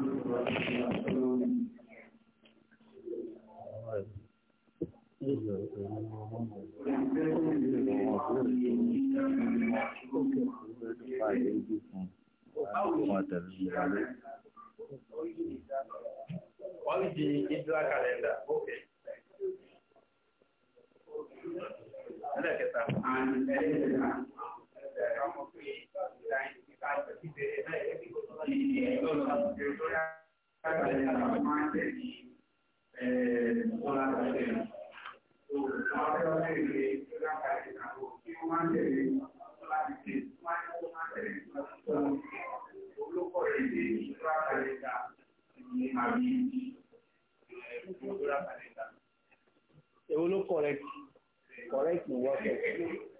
Only the Israel calendar, okay. Ẹlẹ́kẹta, and ẹlẹ́kẹta, ẹ̀rọ ọmọ pé ìdáyìn Ewo ló correct correct ni wọ́n sọ.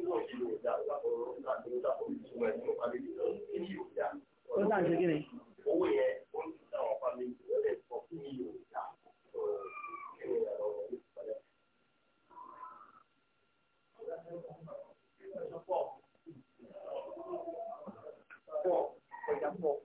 ó sáà ṣe kí owó yẹn ó ń tún àwọn fámìlì lọ́lẹ̀ sọ fún mi yóò dá Four, for example.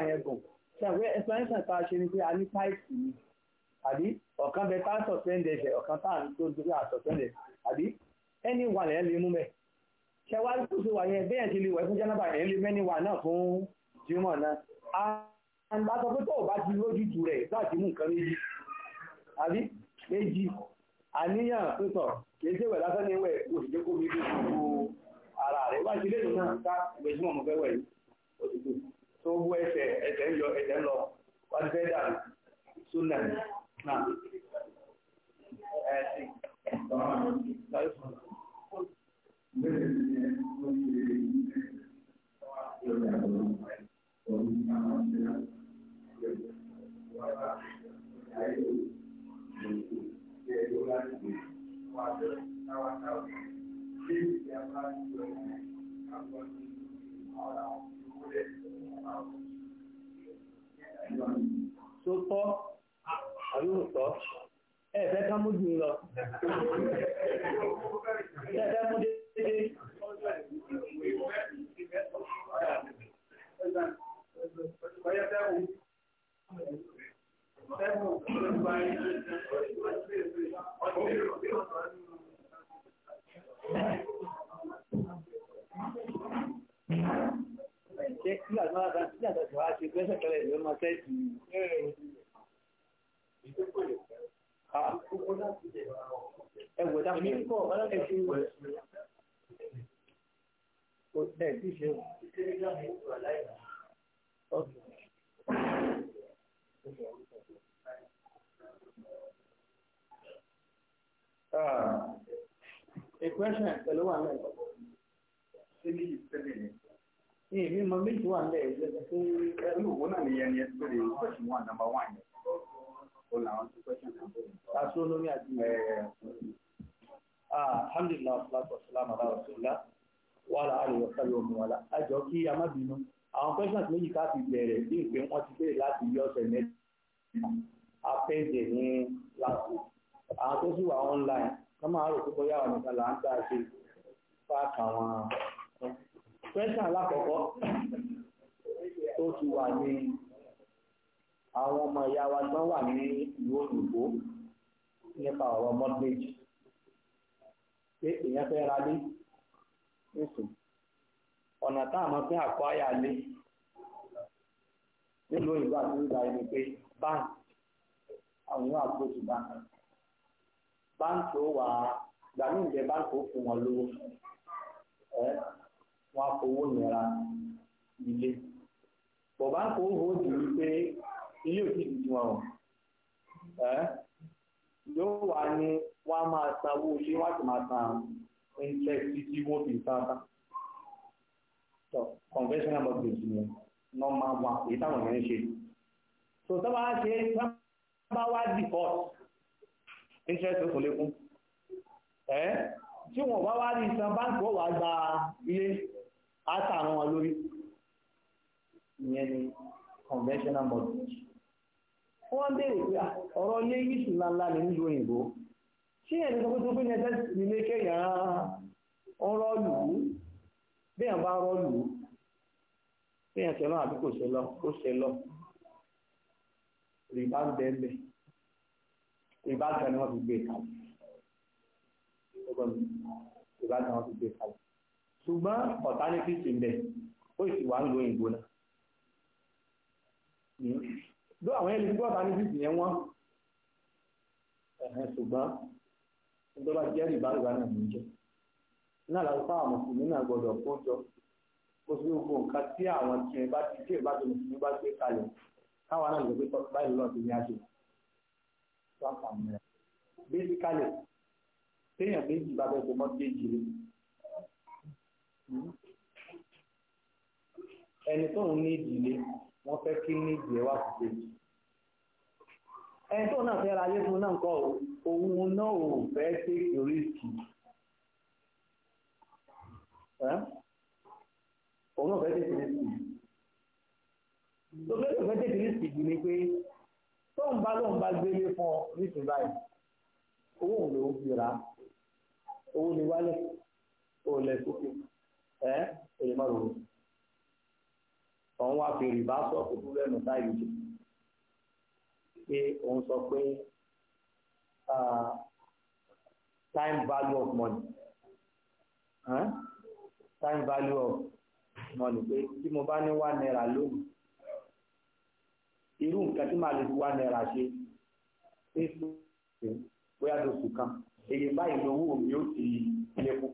àlùfáà yẹn gùn ṣàwẹ́ explanation tá a ṣe ni pé a ní táìsì ni àbí ọ̀kan bẹ tá a suspend ẹ̀ṣẹ̀ ọ̀kan tá a ń tó dúró à suspend ẹ̀ àbí ẹni wà lẹ́yìn lè mú mẹ́ ṣẹwàá tó ṣe wà yẹn bẹ́ẹ̀ ṣe lè wẹ̀ fún jẹ́nàbà yẹn lè mẹ́ni wà náà fún jimoh náà àǹdà sọ pé tó o bá ti lójútu rẹ̀ láti mú nǹkan méjì àbí méjì àníyàn tó sọ kìí ṣe wẹ̀ lásán ní wẹ̀ òṣìṣẹ́ kó mi dé ara rẹ̀ wá sí lẹ́nu náà ká ìgbésùmọ̀ mo fẹ́ wẹ̀ yìí ó ti gbé tó wú ẹsẹ̀ ẹsẹ̀ ń yọ ẹsẹ̀ ń lọ wọ́n fẹ́ dà súnà náà. Thank you tó tọ́ àbí tọ́ ẹ fẹ́ ká mú jù ẹ fẹ́ mú dédé Thank you jẹ́ a question pẹ̀lú wà náà. Ṣé ní èmi mọ méjì wà nílẹ̀ ẹgbẹ́ ẹlú òwò náà nìyẹn ni ẹ ti pèrè question one number one yẹn ó làwọn ti question kan bẹ̀rẹ̀. aṣọ olórí àti ẹ ẹ ah, alhamdulilah salatu wasalam ala rasulillah wa ala alihi wa sallam wa ala ajọ kí a má bínú àwọn questions méjì ká fi bẹ̀rẹ̀ bí ìpè wọn ti bẹ̀rẹ̀ láti yọ ọ̀sẹ̀ apẹ́jẹ̀ ní láti àwọn tó sì wà online wọ́n máa rò pé bóyá àwọn nìkan là ń gbà ṣe fáàkì àwọn pẹ́sàn alákọ̀ọ́kọ́ tó ti wà ní àwọn ọmọ ìyá wa tán wà ní ìlú òyìnbó nípa ọ̀rọ̀ mortgage pé èèyàn fẹ́ ra lé nìsín ọ̀nà tá a mọ̀ pé àkọ́ àyà lé nílùú òyìnbó àti nígbà ẹni pé báńkì wọn á fowó yẹn ra ilé bọ̀bá kò ó hòó dì í pé ilé òkè ti wọn o yóò wá ní wọ́n á máa san owó ilé wọ́n á sì máa san interest títí wọ́n fi sáńtà so conventional mortgage ni normal one èyí táwọn èèyàn ń ṣe so sábà ṣe sábà wá default interest kò lékún tí wọn bá wá rí san báńkì ó wàá gba ilé àtàwọn wọn lórí ìyẹn ni conventional mortgage wọ́n béèrè pé ọ̀rọ̀ ilé yíṣù ńláńlá ní nílùú òyìnbó tí ẹni sọ pé tó fi nẹ́tẹ́ nílé kéèyàn ọ̀rọ̀ lù ú béèyàn bá rọ́ lù ú béèyàn ṣe náà àbí kò ṣe lọ kó rìbá ń rìbá gan ni wọ́n fi gbé kalẹ̀ rìbá gan fi gbé kalẹ̀ ṣùgbọ́n alternatives ń bẹ ó sì wà ń lo òyìnbó náà ló àwọn ẹni tí alternatives yẹn wọ́n ẹ̀hẹ́n ṣùgbọ́n tó bá jẹ́ ìbálòpọ̀ náà ní jẹ́ náà láti fáwọn mùsùlùmí náà gbọ́dọ̀ kó jọ ó sì gbogbo nǹkan tí àwọn tí ẹ bá ti dé ìbátan mùsùlùmí bá gbé kalẹ̀ káwọn náà lè gbé báyìí lọ́ọ̀ ti ní àṣẹ basically téèyàn méjì bá bẹ́ẹ̀ tó ẹni tó ń ní ìdílé wọ́n fẹ́ kí ní ìdílé wà sí kejì ẹni tó náà fẹ́ ra ayé fún náà kọ́ òun náà ò fẹ́ take risk òun náà fẹ́ take risk tó fẹ́ fẹ́ take risk jù ni pé tó ń bá lóun bá gbélé fún ọ nísìnyí báyìí owó òun ló ń fi ra owó ni wálẹ̀ òun lẹ̀ sókè ẹ èyí mọ̀ lòun òun wá fi rìbá sọ kúkú lẹ́nu táyì jù pé òun sọ pé time value of money huh? time value of money pé tí mo bá ní wá náírà lónìí irú nǹkan tí màá lè fi wá náírà ṣe facebook bóyá lóṣù kan èyí báyìí lówó mi ó ti lè kú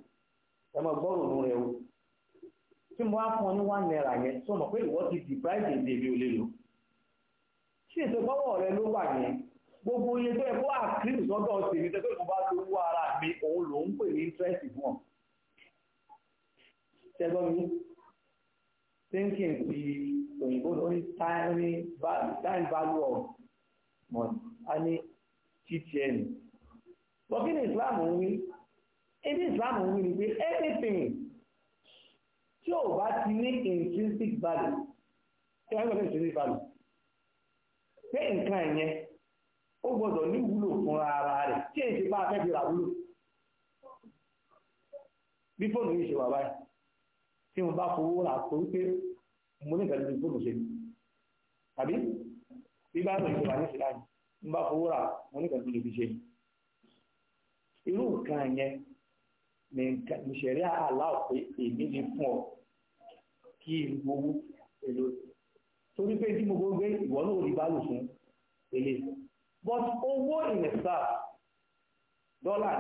ẹ mọ gbọ́rònú rẹ o tí mo wá fún ọ ní one naira yẹn tó mọ̀ pé ìwọ ti deprive èdè mi ò lè lò tí èso gbọ́wọ́ rẹ ló wà yẹn gbogbo iye tó yẹ kó àkírí sọ́dọ̀ tèmi tẹ́tọ́ ìmọ̀ bá tó wú ara mi òun ló ń pè ní interest fún ọ. ṣẹ́gbọ́n mi thinking ti òyìnbó ló ní time value of money a ní ttn. bọ́kí ni Islam ń wí? ebi Islam ń wí ni pé anything tí ò bá ti ní intrinsic value tí wọ́n ń lọ sí intrinsic value pé nǹkan ẹ̀yẹn ó gbọ́dọ̀ ní wúlò fún ara rẹ̀ tí èyí ti bá a fẹ́ fi rà wúlò bí fóònù yìí ṣe wà báyìí tí mo bá fowó rà torí pé mo ní ìgbàlódé fóònù ṣe àbí bí bá rò ìṣòwò àníṣe láàyè mo bá fowó rà mo ní ìgbàlódé fi ṣe irú nǹkan yẹn ní ìṣẹ̀rí àlá pé èmi lè fún ọ kí n gbowó èlò torí pé tí mo gbogbo ìwọ náà rí bálò fún èlé but owó ìrìnsà dọ́là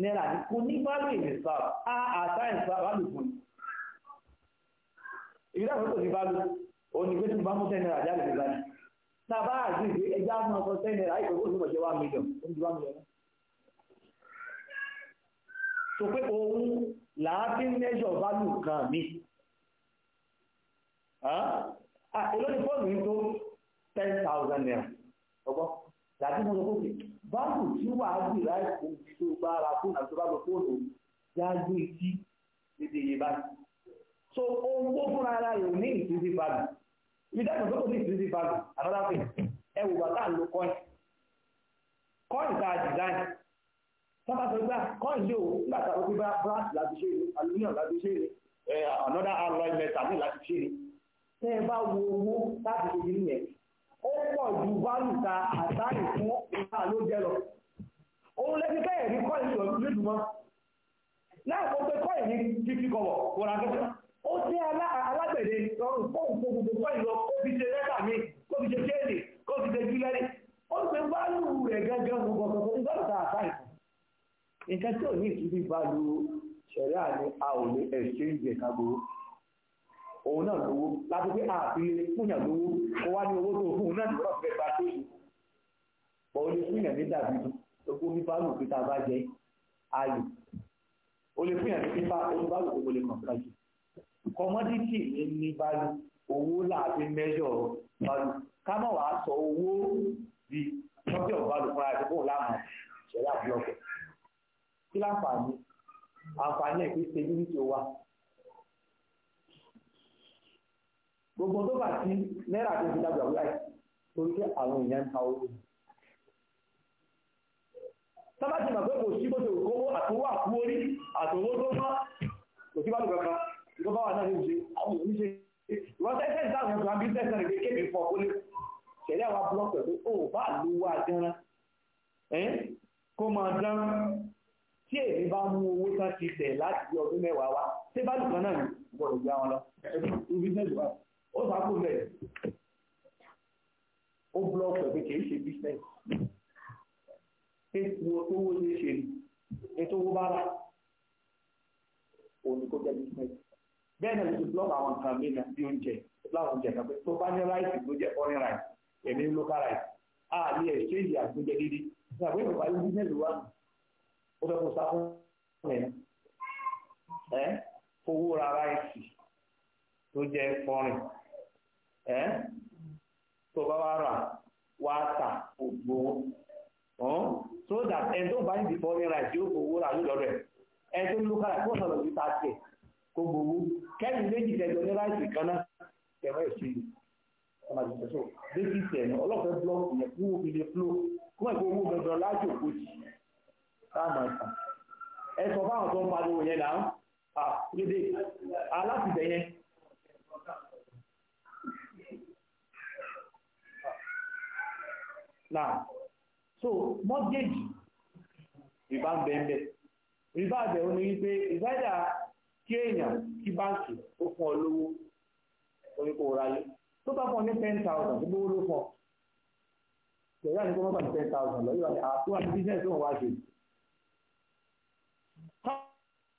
ní náírà ní kò ní bálò ìrìnsà a àtà ìrìnsà bálò fún ìrìnsà tó ní bálò ó ní pé tí mo bá mú ten náírà jáde nígbà tí tá a bá àgbègbè ẹgbẹ́ àwọn ọkọ̀ ten náírà ìfowópamọ́ ìjọba mílíọ̀nù ó mílíọ̀nù so pé òun làábí measure value kan mi olóyìn fóònù yìí tó ten thousand naira ọgbọ́n làábí mo sọ pé value tí wàá gbì láì fún ti tó bá ara fóònù àti tó bá lọ fóònù yáájú etí lédè yìí báyìí so ohun tó fúnra ara rẹ̀ ní ìtúsí value ìdájọ́ tó kò ní ìtúsí value another thing ẹ wò wá láà lo design gbígbà kọ́ ìlé nígbà tá a gbígbà brass láti ṣe é aluminium láti ṣe é another alloy metal láti ṣe é tẹ́ ẹ bá wo owó láti ṣe yìí yẹn ó pọ̀ ju àtàrí fún ìgbà ló lọ òun lẹ́ni bẹ́ẹ̀ ní pé fífi kọ̀wọ̀ kẹta ó jẹ́ lọ́rùn fóun fún nǹkan tí ò ní ìtúbí bá lu ṣẹ̀ríà ni a ò lè exchange ẹ̀ka gbòó òun náà lówó láti pé àfilé fúnyàn lówó kó wá ní owó tó fún un náà lọ́rọ̀ fẹ́ bá tó yìí bọ̀ ó lè fúnyàn ní dàbí ogó ní báàlù pé tá a bá jẹ ayò ó lè fúnyàn ní pípa ó ní lè kàn kájú kọmọdítì ní ní báàlù owó láti mẹ́jọ báàlù ká má wàá sọ owó di tọ́jú ọ̀bálù fúnra ẹ̀ tó kò láàmú ṣẹlá búlọ́ọ̀kì kí láǹfààní àǹfààní ẹ̀ pé stability ó wà gbogbo tó bá ti náírà tó fi dàgbà wíwáyé torí pé àwọn èèyàn ń ta owó sábàtì màgbé kò sí bó ṣe àtòwó àtòwó tó mọ́ kò sí bá bá wà náà àwọn tí èmi bá mú owó tán ti tẹ̀ láti bí ọdún mẹ́wàá wá tí bá nìkan náà gbọ́dọ̀ gbá wọn lọ business wa ó sàkó bẹ́ẹ̀ ó blọọkì ẹ̀ pé kì í ṣe business pé owó ṣe ṣe ni ètò owó bá rà òní kó jẹ́ business bẹ́ẹ̀ náà ti blọọkì àwọn nǹkan mi náà bí oúnjẹ láwọn oúnjẹ kan pé tó bá ní ráìsì tó jẹ́ foreign rice èmi ń local rice a ní exchange àgbóúnjẹ dídí ṣàgbéyìnbó ayé business wa nù ó fẹ́ kó sáfún ẹ̀yìn ẹ́ owó rárá ìsì tó jẹ́ fọ́rin ẹ́ tó bá wá rà wá tà gbogbo ọ́n so that ẹni tó bá ń di fọ́rin rà yóò gbowó rà yóò lọ́rẹ̀ ẹni tó ń lo kára kó sọ̀rọ̀ sí tàṣẹ̀ kó gbowó kẹ́yìn méjì tẹ̀jọ ní ráìsì kan náà tẹ̀wọ́ ìṣèlú ọmọ àti ìṣẹ̀ṣọ́ bébí tẹ̀ ọlọ́fẹ́ blọọkì yẹn kú òfin lè fúlò kó mọ̀ ìgbowó gbẹdọ̀ láti òkú jì táàmù ẹ̀sán ẹ sọ fáwọn tó ń pariwo yẹn là ń pa lédè alátìbẹ̀ yẹn náà so mortgage rìbá ń bẹ́ẹ̀ rìbá àbẹ̀wò ni wípé ìgbàdà kí èèyàn kí báǹkì ó fún ọ lówó orí kò ráyé tó bá fún ọ ní ten thousand gbogbo owó ló fún ọ ìyá ni kó mọ́ bá ní ten thousand lọ yóò wá ní àtúwà wá ṣe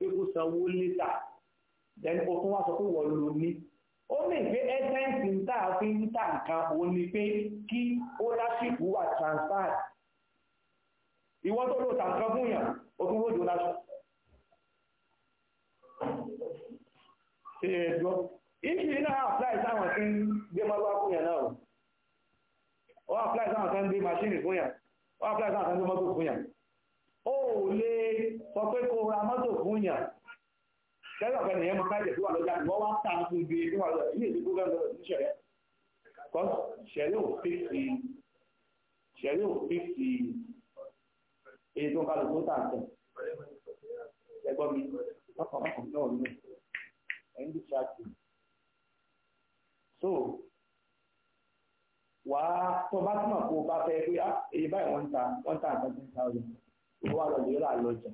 pé kó sanwó lẹ́tà then o tún wá sọ pé wọ́n lò ní ó lè gbé ẹ́sẹ̀ǹsì ń tà fi ń tà nǹkan ó ní pé kí ownership wà transfer ìwọ tó lò tà nǹkan fún yàn o tún lò ownership. ṣe é gbọ́ ìṣì náà apply sáwọn tí ń gbé mọ́lá fún yàn náà o apply sáwọn tí ń gbé machine fún yàn o apply sáwọn tí ń gbé mọ́tò fún yàn ó lè sọ pé kó ra mọ́tò fún yàn lẹ́yìn ọ̀fẹ́ nìyẹn máa kájẹ̀ tó wà lọ́jà wọ́n wá tà fún ibi tó wà lọ́jà ilé ìdìbò gbọ́dọ̀ ní ṣẹ̀rẹ́ kọ́ ṣẹ̀rẹ́ ò fi sí ṣẹ̀rẹ́ ò so wàá tó bá túmọ̀ kó o bá fẹ́ pé ah, èyí báyìí wọ́n ta wọ́n ń ó wá lọ lè rà lọ́jà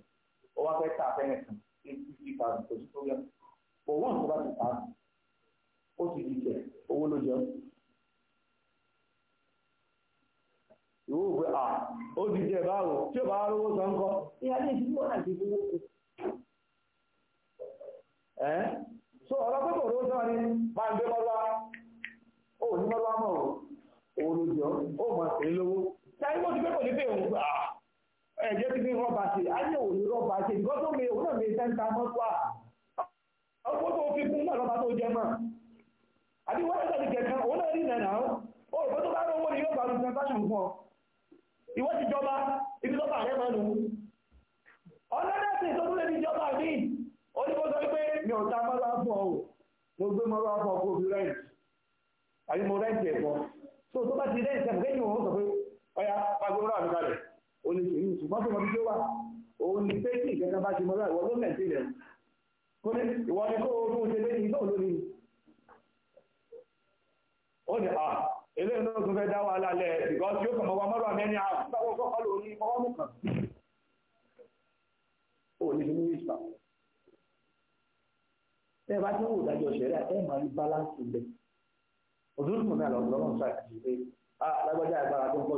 ó wá fẹ́ tà fẹ́rẹ̀ kan eighty three thousand kò sí problem but once ó bá ti tà ó ti di jẹ owó ló jẹ ìwọ òwe à ó ti jẹ báwo tí ó bá rówó san kọ ní alẹ́ ìdílé wọn àti ìdílé wọn. ẹ so ọ̀rọ̀ pé kò rówó san ni máa ń gbé mọ́lá ó ní mọ́lá mọ́ ló jẹ ó lówó. mo ti gbé ní òun gbà á. ẹ̀jẹ̀ ti fi rọ́bà ṣe ayé òun ní rọ́bà ṣe ìgbọ́ tó mi òun náà mi sẹ́ńtà mọ́tò à ọkọ̀ tó fi kún náà lọ́ba tó jẹ mọ́ àbí wọ́n ẹ̀sẹ̀ ti kẹ̀kẹ́ òun náà rí nàná ó òun tó bá rówó ni yóò bá lu transaction fún ọ ìwọ ti jọba ibi tó bá rẹ mọ́ nù ọlọ́dẹ̀sì tó tún lè fi jọba mi ó ní kó sọ pé mi ò ta mọ́lá fún ọ mo gbé mọ́lá fún ọ kó fi rẹ́ǹtì àbí mo rẹ́ǹtì ẹ̀kọ́ so tó bá ti rẹ́ǹtì ó lè ṣèyí ṣùgbọ́n tó mọbi tó wà òun ni pé kí ìkẹta bá ti mọ́ra ìwọ ló mẹ̀sí rẹ̀ kó ní ìwọ ni kó o tó ṣe lẹ́yìn náà lónìí ó ní à eléyìí náà tún fẹ́ dá wàhálà lẹ̀ ìgbà tí ó kàn mọ́ wa mọ́rọ̀ àmẹ́ni àwọn àgbàwọ̀ kọ́kọ́ lò ní ọwọ́ mú kàn ó ní ṣe ní ìṣà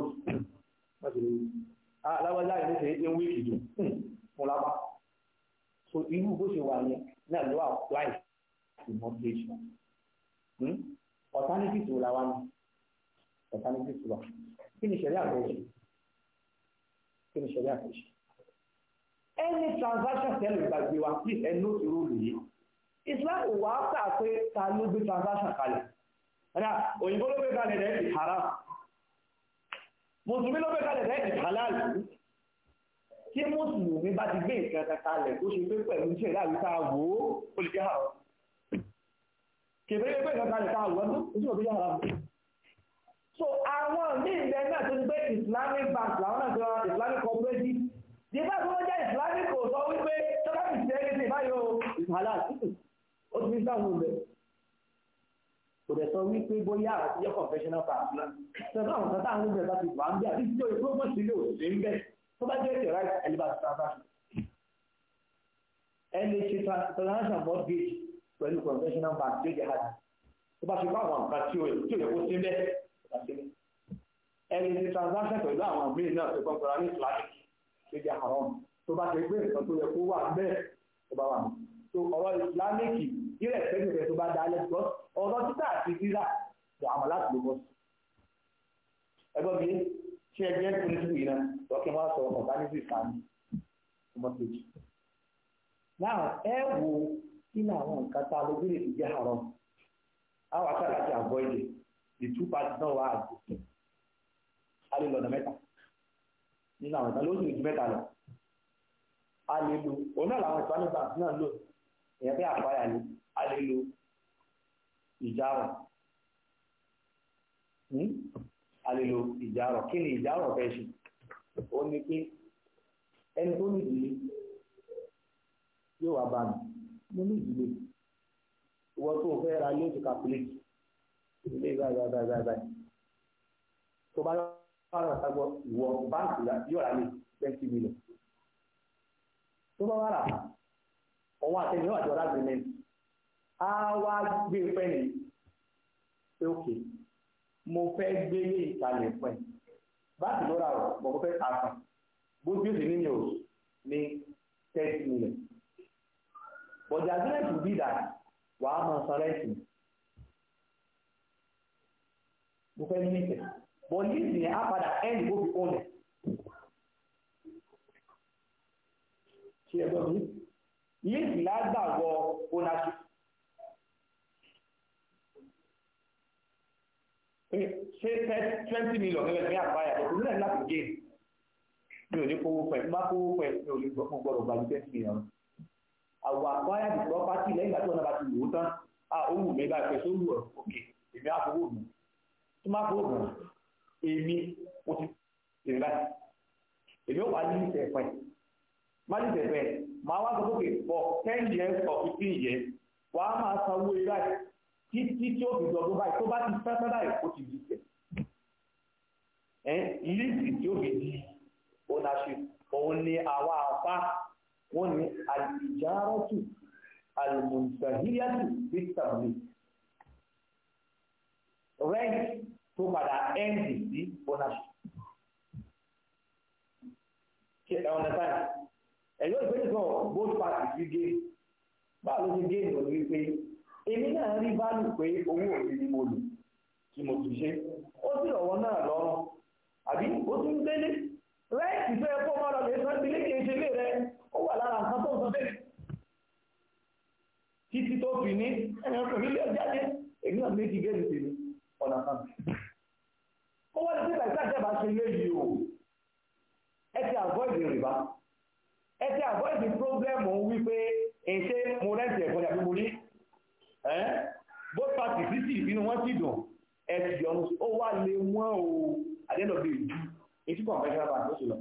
tẹ́ alágbájá ah, transaction ṣe é wíìkì jù hmm, fún lápá so to mortgage alternative wò làwọn ni alternative wà kí ni ìṣẹ̀lẹ̀ àgbẹ̀ṣe kí ni transaction tẹ́lẹ̀ ìgbàgbé wa please ẹ nóòtù róòlù yìí haram mùsùlùmí ló fẹ́ kalẹ̀ rẹ̀ ìhàlálì tí mùsùlùmí bá ti gbé nǹkan kan kalẹ̀ tó ṣe pé pẹ̀lú iṣẹ́ ìdáàbí tá a wò ó ó lè jẹ́ àrọ̀ kèfé pé nǹkan kalẹ̀ tá a wò ó ojú òbí yàrá mi. so àwọn míì ilẹ̀ náà tó ń gbé islamic bank làwọn náà ti ra islamic cooperative di bá tó jẹ́ islamic kò sọ wípé tọ́lá ti ṣe é ní ti báyọ̀ ìhàlálì ó ti fi sáà kò dẹ̀ sọ wípé bóyá àwọn ti jẹ́ confessional partner sọ̀rọ̀ àwọn kan táwọn ọmọdé bá ti wà ń bí àti tí òye gbọ́gbọ́n sí ilé òṣèré ń bẹ̀ tó bá jẹ́ ètò right eliba transaction lha transaction mortgage pẹ̀lú confessional bank tó jẹ́ hard tó bá fi bá àwọn nǹkan tí òye tí òye kó sí bẹ́ẹ̀ tó bá transaction pẹ̀lú àwọn míì náà tó kọ́ńtọ́ra ní islamic tó haram tó bá ti gbé nǹkan tó yẹ kó wà bẹ́ẹ̀ tó bá wà ní. so ọ̀rọ̀ islamic irrespective tó ọ̀dọ́ títà àti rírà lọ àmọ̀ láti ló bọ́ mi ẹgbẹ́ lọ́kẹ́ wọn sọ ọ̀gánísì ọmọ kejì. ẹ a lọ lè fi jẹ́ àárọ̀ àwọn the two parties náà wà àgbò a lè lọ́nà mẹ́ta nínú àwọn ìtàn lóṣù ju mẹ́ta lọ a lè lo òun náà làwọn ìjárọ̀ hmm? a lè lo ìjárọ̀ kí ni ìjárọ̀ fẹ́ ṣe ó ní pé ẹni tó ní ìdílé yóò wá bá mi mo ní ìdílé ìwọ tó o fẹ́ ra yóò ti kàkúlẹ̀tì ilé báyìí báyìí báyìí báyìí tó bá wàrà sagbọ́ ìwọ báńkì yóò rà lè twenty million tó bá wàrà ọ̀wọ́n àtẹnudọ́ àti ọ̀rá agreement a wá gbé pẹ́ ní pé òkè mo fẹ́ gbé ní ìkàlẹ̀ pẹ́ báàkì lọ́ra rọ̀ mo fẹ́ ta kan bó tí ó sì ní mi ò ní thirty million but the agreement will be that wàá máa san rẹ́ǹtì mo fẹ́ ní ìfẹ́ but lease yẹn á padà end bó fi kún lẹ̀. ṣé ẹgbẹ́ mi yéèsì lágbàwọ̀ ownership ṣé twenty million ẹgbẹ́ ní àbáyà òun náà láti gé mi ò ní kówó pẹ̀ má kówó pẹ̀ mi ò lè gbọ́ fún gbọ́dọ̀ gba twenty million àwọn àkọ́yà ti gbọ́ pátì lẹ́yìn ìgbà tí wọn náà bá ti lò ó tán a ó wù mí bá ìfẹ́ sórí ọ̀ òkè èmi á fowó mi tó má fowó mi èmi ó ti èmi báyìí èmi ó wà ní ìfẹ́ pẹ̀ má ní ìfẹ́ pẹ̀ máa wá sọ pé for ten years or fifteen years wàá máa sanwó ibà yìí títí tí ó fi dọ̀gbọ́ báyìí tó bá ti pẹ́pẹ́ báyìí ó ti di tẹ̀. líìsì tí ó fi di ownership òun ni àwa àpá wọn ni àlìjárọ́tù àlùmùsàhíríàtù fítàmì rent tó padà ẹ́ǹdì sí ownership. ṣe ẹ̀ ọ̀nà sáyà ẹ̀yọ́ ìgbésẹ̀ kan both parties fi gé báwo ló ṣe gé ìròyìn wípé èmi náà rí báàlù pé owó òbí ni mo lò tí mo sì ṣe ó sì rọ̀wọ́ náà lọ́rùn àbí ó tún délé rẹ́ẹ̀tì tó yẹ kó má lọ lè san ilé kìí ṣe ilé rẹ ó wà lára nǹkan tó ń sọ bẹ́ẹ̀ títí tó fi ní ẹ̀yìn ọkùnrin nílé ọjáde èmi náà méjì gẹ́gẹ́ sí ni ọ̀nà kan ó wọ́n ti pẹ̀lú àjẹ́bà ṣe ilé o ẹ ti avoid rìbá ẹ ti avoid problem wípé èṣe mo rẹ́ǹtì ẹ̀kọ́ ni àbí mo rí Eh? both parties títí ìbínú wọn sì dùn ẹ ti ó wà lé wọn o àdéhùn bíi ju etí conventional bank lóṣù lọ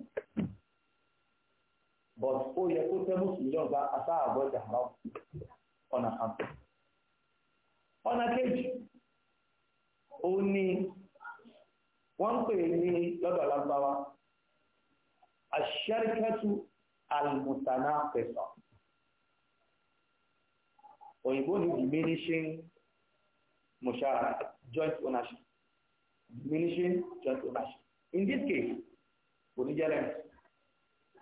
but ó yẹ kó tẹ́ mùsùlùmí lọ́gbà asáàbọ̀ ìjàmbá ọ̀nà kan ọ̀nà kejì ó ní wọ́n pè ní lọ́dọ̀ alágbáwá àṣẹ́ríkẹ́tù àlùmùtánà pẹ̀sàn òyìnbó ní diminishing mushara joint ownership diminishing joint ownership in this case kò ní jẹ́ rent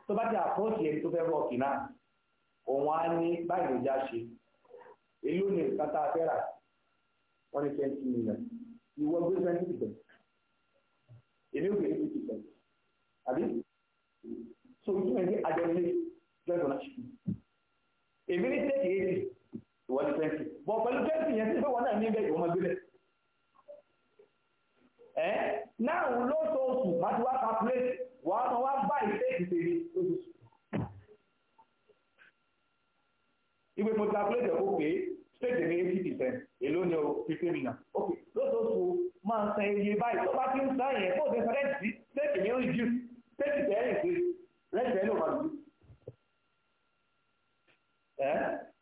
tó bá ti àpọ́ọ̀tì ẹni tó fẹ́ wọ́ọ̀kì náà òun á ní báyìí ló já ṣe èló ni ìkátà fẹ́rà wọ́n ní twenty million ìwọ gbé twenty percent èmi ò gbé twenty percent àbí so ìtumọ̀ ẹni àjọ ilé joint ownership èmi ní tẹ́tì eighty ìwọ ní fẹ́ǹsì bọ̀ pẹ̀lú fẹ́ǹsì yẹn tí fẹ́ wọn náà ní bẹ́ẹ̀ ìwọ́n máa gbé bẹ́ẹ̀. ẹ náà lóṣooṣù má ti wá calculate wà á wá bá ìṣèkì tèmi lóṣooṣù. ìwé mo ti calculate ẹ̀ kó pé state ní eighty percent èló ni o fifty million ok lóṣooṣù máa ń san iye báyìí tó bá ti ń san yẹn kó o ti san rẹ́ǹtì state sí rẹ́ǹtì tẹ́lẹ̀ ò máa reduce.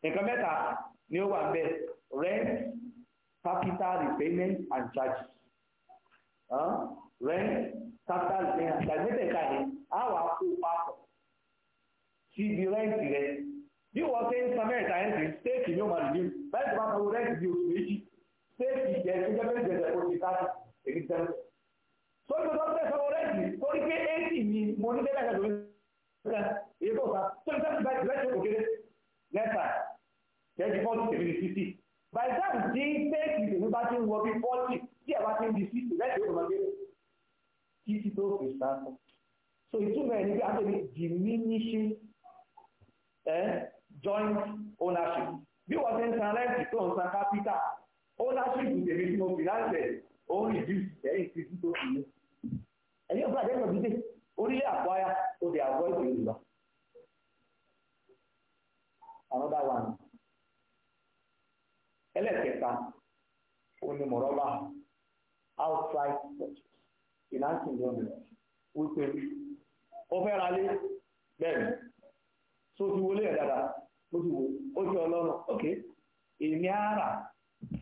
nǹkan mẹ́ta ni ó wà bẹ́ẹ̀ rent capital repayment and charges rent capital repayment and charges mẹ́tẹ̀ẹ̀ta yẹn á wà kó papọ̀ sí ibi rent rẹ bí wọ́n ṣe ń san mẹ́ta yẹn sí stéèkì ni ó máa rìdíù bẹ́ẹ̀ tó bá sanwó rent bí oṣù méjì stéèkì jẹ́ ẹgbẹ́ bẹ́ẹ̀ jẹ́ ẹ̀kọ́ ti sáà èyí tẹ́lẹ̀ tó ń tọ́ tẹ́ sanwó rent torí pé eighty ni mo ní bẹ́ẹ̀ bẹ́ẹ̀ lórí èyí tó sá tó ń tẹ́ tẹ́jú fọ́ọ̀tì tèmi ní títì by that day, thirty téèkì tèmi bá ti ń wọ bí fọ́ọ̀tì tí ẹ̀ fifty ti ń di títì lẹ́yìn òun ọdẹ so ìtumọ̀ ẹ̀ ní bí actually diminishing eh, joint ownership bí wọ́n ti ń san rẹ́ǹtì tó ń san kápítà ownership tèmi the mo fi láǹtẹ̀ òun reduce ẹ̀yìn títí tó fi lé ẹ̀yìn òfin àdéhùn dídé orílẹ̀ àkọ́yà ó di àgọ́ ìpè Yorùbá another one ẹlẹ́kẹta onímọ̀rọ́bà outright purchase financing lónìí wípé ó fẹ́ ra lé bẹ́ẹ̀ tó ti wọlé ẹ̀ dáadáa ó ti wò ó ti ọlọ́run ok èmi á rà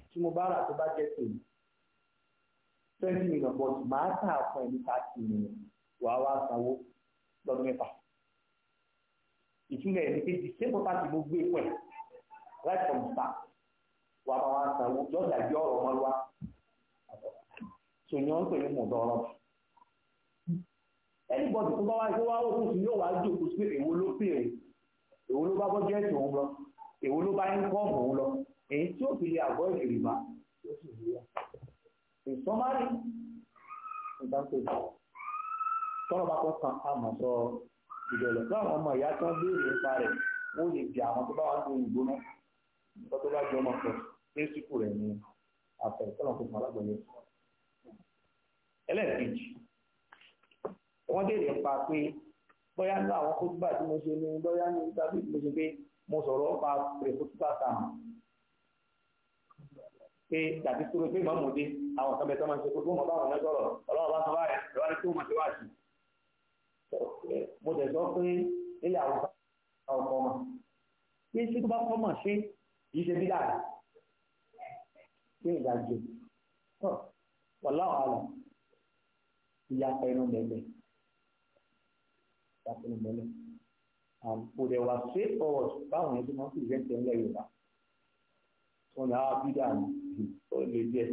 tí mo bá rà tó bá jẹ́ tèmi twenty million but màá tà fún ẹni thirty million wàá wá sanwó lọ́dún mẹ́fà ìtumọ̀ ẹni pé the same property mo gbé pẹ̀ right from the start wà á máa sanwó yọ̀dà bí ọ̀rọ̀ wọn wá sòyìn wọn pè ní mọ̀dọ́rọ̀ ẹnìbọ̀dì tó bá wá ìwọ́ wáwọ́ tó sì yóò wá jòkó sí èwo ló bèèrè èwo ló bá bọ́jẹ́ẹ̀tì òun lọ èwo ló bá ń kọ́ òun lọ èyí tí ó fi lè àgọ́ ìrìbá ó sì rí wa ìsọmárì ìdánkejì tọ́rọ̀ bá kọ́ kan àmọ̀ sọ ìbẹ̀rẹ̀ fún àwọn ọmọ ìyá tí wọ́n béèrè nípa rẹ̀ ó lè di àwọn tó bá wà ní ìgbóná tó bá jọ ọmọ pẹ̀lú pẹ́sìkù rẹ̀ ní àfẹ́ tọ́lọ̀ fún alágbọ̀nyẹ. ẹlẹ́ẹ̀kejì wọ́n dé lè pa pé bóyá ní àwọn kótópà tí mo ṣe ní bóyá ní tábí mo ṣe pé mo sọ̀rọ̀ pa pẹ̀kótópà tà mọ́ pé tàbí tó pé màmú dé àwọn kan bẹ tó máa ń ṣe kó tó mọ̀ báwọn náà sọ̀rọ̀ ọlọ́run bá sọ báyẹn lọ́wọ́ tó mọ̀ sí wáṣí. mo tẹ̀ sọ pé nílẹ̀ àwọn ọkọ̀ ọmọ pé ṣé tó bá kọ́ mọ̀ ṣe kì í ṣe bí dáadáa ní ìdájọ́ tó wàláwàlà ìyapa ẹnu mẹ́lẹ̀ ìyapa ẹnu mẹ́lẹ̀ kò dẹ̀ wá straight forward báwọn ẹni tó máa ń fi ìrẹsẹ̀ ńlẹ̀ yorùbá wọn ni àwọn bídà ní ó lè jẹ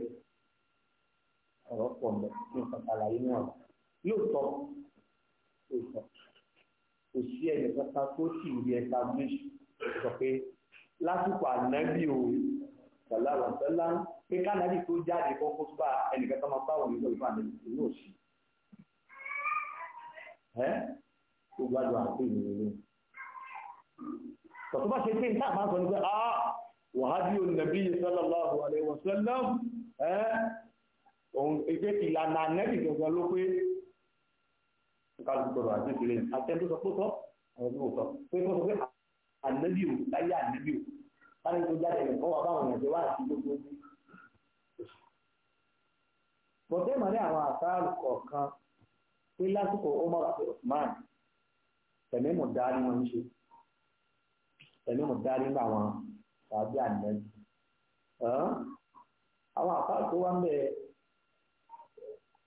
ọ̀rọ̀ pọ̀ mọ́ ní ìfàkàlàyé náà lóòótọ́ lóòótọ́ kò sí ẹ̀yẹ kankan tó sì rí establish sọ pé lásìkò ànábì òwe pẹ̀lú àwọn tẹ́lá ń pé kánàbì tó jáde kó kó túbà ẹnìkan tó máa bá òun nílò ìfàmì ìlú òsì ẹ tó gbájú àti ìlú ìlú tọ̀tún bá ṣe pé níta máa ń sọ ní pé ah wàhádìí ònàbí sallallahu alaihi wasallam ẹ òun ìgbé ìlànà ànẹ́bì gbọ̀ngàn ló pé kálukú tọrọ àti ìṣẹ̀lẹ̀ àtẹ́ńtò sọ pé tọ́ àwọn tó tọ́ pé kó sọ pé ànẹ́bì ò láyé ànẹ́bì ò láyé tó jáde ẹ̀kọ́ wà báwọn ẹ̀jẹ̀ wà àti gbogbo ojú bọ̀dẹ́ mọ̀ ní àwọn àtàlù kọ̀ọ̀kan pé lásìkò Umar àti Usman tẹ̀mí mọ̀ dá ní wọn ṣe tẹ̀mí mọ̀ dá nínú àwọn tàbí ànẹ́bí àwọn àtàlù tó wá ń bẹ̀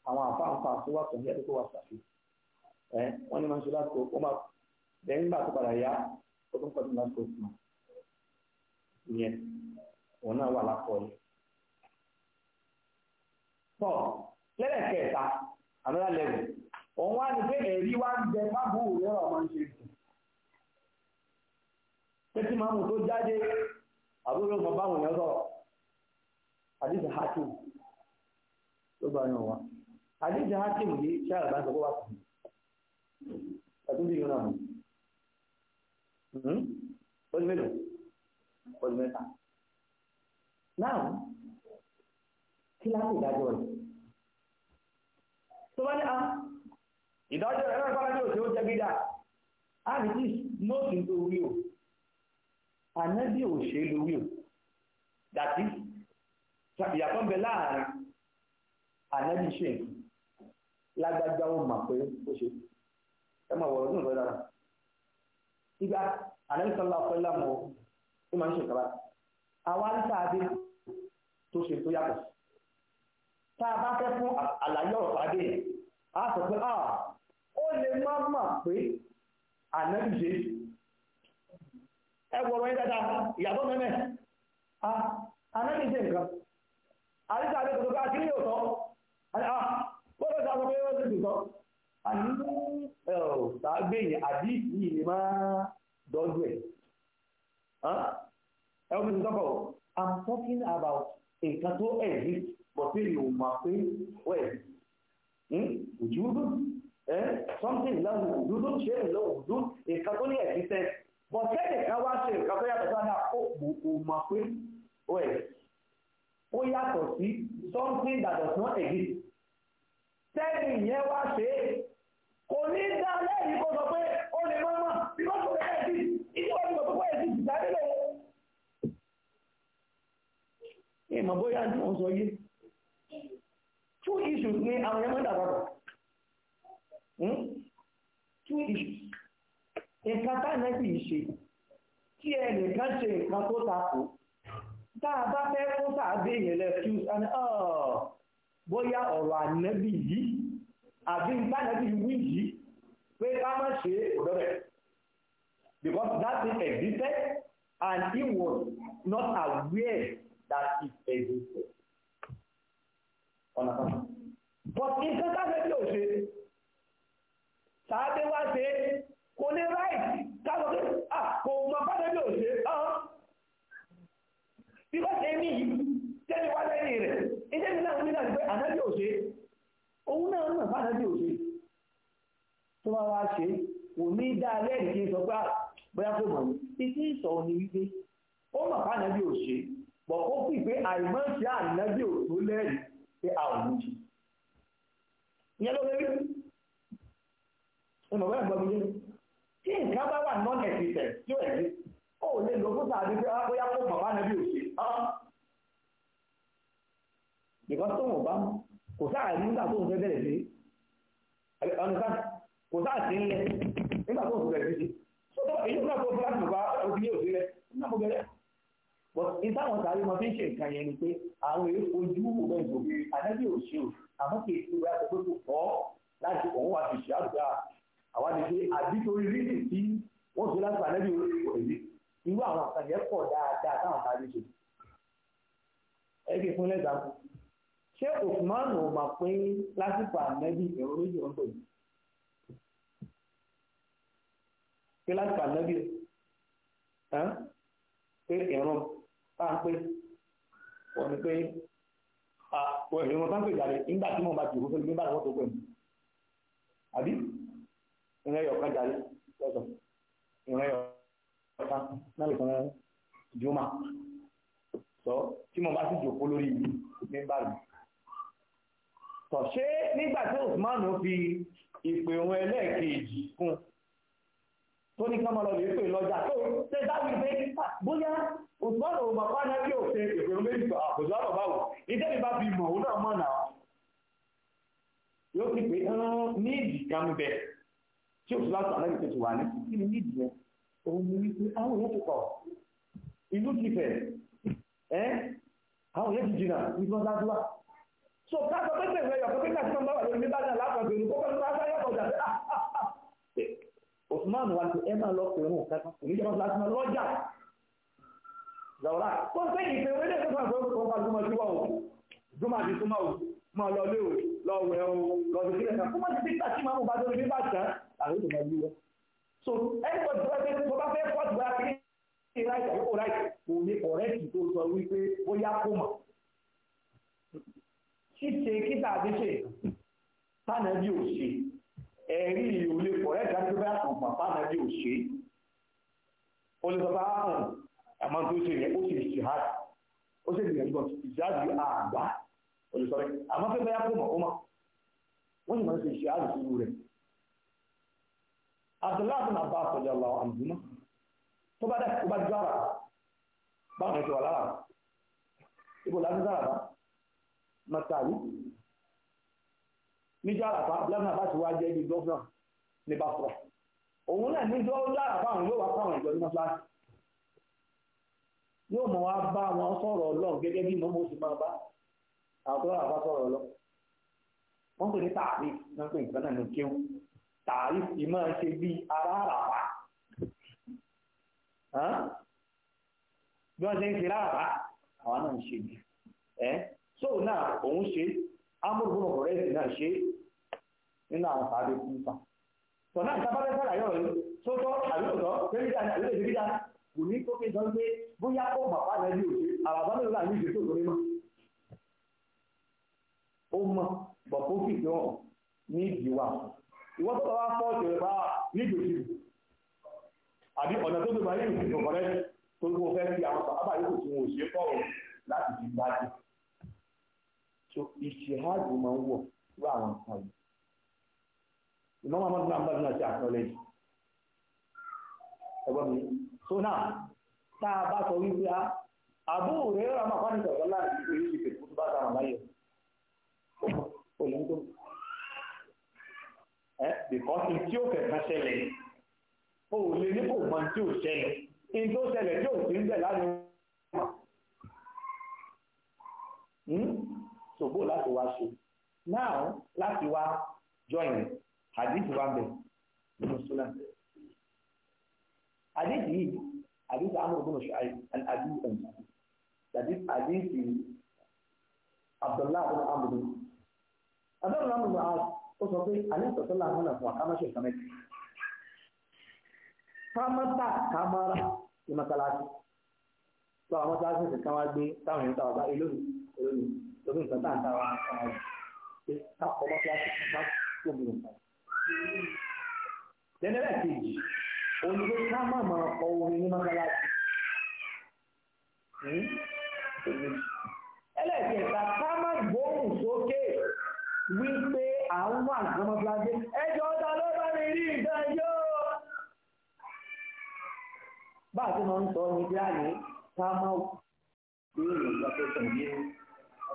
àwọn àfáàfáà tó wà tẹ̀lé tó wà sàfì wọ́n ní máa ń ṣe lásìkò Umar lẹ́yìn nígbà tó padà yá ó tún kọ́ sí lásìkò Usman ìyẹn òun náà wà lápọ̀ yìí. tọ́ lẹ́lẹ̀kẹta àbẹ́lá e òun wá ní pé ẹ̀rí wá ń jẹ má bú òun lọ́rọ̀ ṣe sùn pé tí tó jáde àbúrò báwọn èèyàn sọ̀rọ̀ àdìsí hakim ló bá yàn wá yìí àgbà sọ hmm? mélòó kí láti ìdájọ́ rẹ̀ tó bá ní a ah, ìdájọ́ rẹ̀ lọ́rọ̀ fáwọn ọ̀sẹ̀ ó jẹ́ bídà a ní tí nóòtù tó wí o ànábì ò ṣe ló wí o dàtí ìyàtọ̀ ń bẹ láàrin ànábì ṣe lágbájá ó mà pé ó ṣe ẹ máa wọ̀rọ̀ nínú ìrọ̀lára ìgbà ànábì sọ́lá ọ̀pẹ́ lámọ̀ ó máa ń ṣe ìkàrà àwọn àrísà adé tó ṣe tó yàtọ̀ sí tá bá fẹ́ fún àlàyé ọ̀rọ̀ pàdé a sọ pé a ah, ó lè má mà pé ànábì ẹ wọ̀rọ̀ yín dáadáa ìyàbọ̀ mẹ́mẹ́ a ànábì nǹkan àríṣà àti tòtò ká yóò sọ bọ́dọ̀ sọ pé ó ti dùn sọ àní ẹ̀ ò sábẹ́yìn àbí yìí ni máa dọ́jú ẹ̀ ẹ̀ ó fi sọ́kọ̀ I'm talking about nǹkan tó exist but tí ìlú mà pé wẹ́ẹ̀ ojú dúdú something lọ́wọ́ òdúdú ṣe é lọ́wọ́ òdúdú nǹkan tó ní ẹ̀sìn tẹ́ but kẹ́lẹ̀ kan wá ṣe nǹkan tó yàtọ̀ sáà náà ó kò mà pé wẹ́ẹ̀ ó yàtọ̀ sí something that does not exist tẹ́lẹ̀ yẹn wá ṣe é kò ní dá lẹ́yìn kó sọ pé ó lè máa mọ̀ bí wọ́n tó lẹ́yìn sí ìjọba ìgbà tó pọ̀ ẹ̀sìn ìdádélé ìmọ̀ bóyá ń sọ yé two issues ni àwọn ẹ̀mọ́ ìdàgbàbọ̀ hmm? two issues nǹkan táìmẹ́ sì ṣe tí ẹnìkan ṣe nǹkan tó takò tá a bá fẹ́ kó sàádé yẹn lẹ́fíù ẹni bóyá ọ̀rọ̀ ànẹ́bì yìí àbí ìtànẹ́bì wí yìí pé ká má ṣe òdọ́rẹ̀ because that thing existed and he was not aware that it existed ọ̀nà kan but nǹkan káfẹ́ bí ò ṣe sàádé wá ṣe kò right káfẹ́ pé ah, kò mọ káfẹ́ ah. bí because èmi yìí tẹ́mi wá lẹ́yìn rẹ̀ iṣẹ́ mi náà ń gbìyànjú pé àná bí ò ṣe òun náà ń nà fún àná bí ò ṣe tó bá wá ṣe kò ní dá lẹ́yìn kí n sọ pé ah, bóyá kò mọ̀ ní títí ìsọ̀rọ̀ ni wípé ó mọ̀ fún bí ò ṣe bọ̀ kó pé àìmọ́ ṣe àná bí ò tó lẹ́yìn pé a ò ní jù ìyẹn ló lérí ìmọ̀wé ẹ̀gbọ́n mi tí nǹkan bá wà nọ́ọ̀nà ẹ̀sìtẹ̀ tí ó ẹ̀dí ó lè lọ fún sàbí pé ó yá kó bàbá náà ò ṣe ìgbà ah. tó wọn bá kò sáà rí nígbà tó ń fẹ́ sí ọ̀nà kò sáà sí ńlẹ̀ nígbà tó ń fẹ́ sí sọ́tọ̀ èyí nígbà tó fẹ́ bá òbí nígbà tó bẹ̀rẹ̀ sàárè ànábì ò ṣe o àmọ́ kì í ṣe ìwé àtẹ̀gbẹ́ tó kọ́ láti òun wà fi ṣe àgbà àwọn àdìsí àdìsórí rídì tí wọ́n ṣe láti ànábì ò ṣe èyí irú àwọn àkànyẹ pọ̀ dáadáa táwọn kan ṣe. ẹ kì í fún lẹ́sà kù ṣé òkùnmánù mà pé lásìkò ànábì ẹ̀rọ méjì ń bọ̀ yìí pé lásìkò ànábì ẹ̀ pé ẹ̀rọ bá ń pé wọ́n ní pé ìwọ̀n tán pè jáde nígbà tí mo bá jù fún mi bá lọ́wọ́ tó pẹ̀lú àbí ìrìn ẹyọ kan jáde lọ́sọ̀ ìrìn ẹyọ kan náà lè fún jùmọ̀ sọ tí mo bá sì jòkó lórí mi ni lọ. tọ̀ ṣé nígbà tí Usman fi ìpè òun ẹlẹ́ẹ̀kejì fún tó ní kọ́mọ lọ lè pè lọ́jà tó ṣe dábì pé bóyá òṣùpọ̀lọ̀ ò bàbá náà bí òfin ìpèrò méjì àkójọ àbàbà wò ìjẹ́ mi bá fi mọ̀ òun náà mọ̀ náà yóò sì pé ní ìdì kan bẹ̀ tí òṣù láti àlẹ́ ìpèsè wà ní kí ni ní ìdì yẹn òun ni wípé àwọn èèyàn ti pọ̀ ìlú ti fẹ̀ ẹ́ àwọn èèyàn ti jìnnà nígbà dájúwà so káàkiri pé pèsè ẹ̀yọ̀ pé pé Osman wa ti ẹ lọ pẹ̀lú òun kò ní jẹ́ mọ́tò láti máa lọ́jà zàwọ́lá tó ń ìfẹ́ wẹ́lẹ́ tó fàgbọ́ tó fà jùmọ̀ sí wà ó jùmọ̀ sí súnmọ́ ó máa lọ lé o lọ wẹ̀ o lọ sí sílẹ̀ kan kó má ti dé tàbí máa mú bá lórí bíbá tán àwọn èèyàn máa yí wọ. so ẹni tó tó ẹgbẹ́ tó bá fẹ́ pọ̀ tó bá fi ní ráì tàbí kò ráì kò ní kọ̀rẹ́ẹ̀tì tó sọ wípé ó yá kó mọ̀. ṣíṣe kíta àdéṣe tánàbí ò ṣe ẹ̀rí ìwòlé kọ̀rẹ́ ìdájọ́ bá kàn bàbá náà bí ò ṣe ó lè sọ bá ah, hàn àmọ́ tó ṣe yẹn ó sì ṣìhàd ó sì gbìyànjú bọ̀ ìjáde àgbà ó lè sọ rẹ̀ àmọ́ fẹ́ bá yá kó mọ̀ ó mọ̀ wọ́n sì máa ń ṣe ìṣìhàd sínú rẹ̀ Abdullahi bin Abbas sọ̀jà lọ àǹdùmá tó bá dẹ̀ tó bá jọ àrà báwọn ètò wà lára ibò láti sára bá mọ̀tàlú níjọ́ àràfà lẹ́mìnà bá ti wá jẹ́ ibi gọ́fúnà ní bàfúrà òun náà níjọ́ àràfà àwọn yóò wá fáwọn ìjọ ní mọ́sálásí yóò mọ̀ wá bá wọn sọ̀rọ̀ ọlọ́run gẹ́gẹ́ bí mọ́mọ́ oṣù máa bá àwọn àràfà sọ̀rọ̀ ọlọ́run wọ́n pè ní tààrí wọ́n pè nǹkan náà ní kéwù tààrí sì máa ṣe bí ara àràfà bí wọ́n ṣe ń ṣe rárá àwọn náà ń ṣe bí ẹ́ so náà òun ṣe é amúrúgbọ́n ọ̀rẹ́ ìsìn náà ṣe nínú àwọn sàádé fún ìfà tọ̀nà ìtàbálẹ̀ sàlàyé ọ̀rẹ́ tó tọ́ àríwọ̀tọ́ pẹ́lídà ní àríwọ̀ ìdíbídà kò ní tó kéjọ pé bóyá ó bàbá rẹ̀ ní òṣè àràbá mẹ́rin láàrin ìṣe tó lórí mọ́ ó mọ bọ̀kú sì fi hàn ní ìdíwà ìwọ́n tó bá fọ́ ìṣẹ̀lẹ̀ bá ní ìdòṣì àbí ọ̀nà tó gbé bá yìí ìṣẹ̀lẹ̀ ọ̀rẹ́ tó gbó fẹ́ fi àwọn bàbá yìí kò tún òṣè kọ̀ọ̀ láti fi gbájú so ìṣèhádùn máa ń wọ̀ lọ àwọn nǹkan yìí ẹ̀gbọ́n mi so now tá a bá sọ wípé a àbó òré rà máa fani sọ̀rọ̀ láti ìlú yìí ìpè tó bá láyé o lè ń tó ẹ because tí ó fẹ̀ kan o lè ní kò mọ tí se, ṣẹlẹ̀ in tó ṣẹlẹ̀ tí ò sí ń ṣògbó láti wá ṣe náà láti wá join àdìsí wa bẹ̀ nínú súnà àdìsí yìí àdìsí amúrò bọ́nà ṣááyé àdìsí ọ̀nà àdìsí abdullahi bin amúrò abdullahi amúrò bá ó sọ pé alẹ́ sọ̀tọ́lá àmúnà fún àkámọ́ṣẹ́ ìkàmẹ́tì kámátà kámárà ní mọ́sálásí lọ́wọ́ mọ́sálásí kan wá gbé táwọn èèyàn tàwọn bá elónìí elónìí torí nǹkan tá à ń ta wa ọmọ rẹ pé kápọ̀ bá fi àṣìkò bá tó mi nǹkan. lẹ́nẹ́rẹ́ kejì olùgbé ká má máa kọ orin ní mọ́sálásí. Hmm? ẹlẹ́kẹ̀ẹ́ta ká má gbóhùn sókè wípé à ń wà nǹkan mọ́sálásí ẹjọ́ ọ̀dà ló bá mi rí nǹkan yó. bá máa ń sọ ní bí àná ká má gbé ìrìn àjò tó tẹ̀lé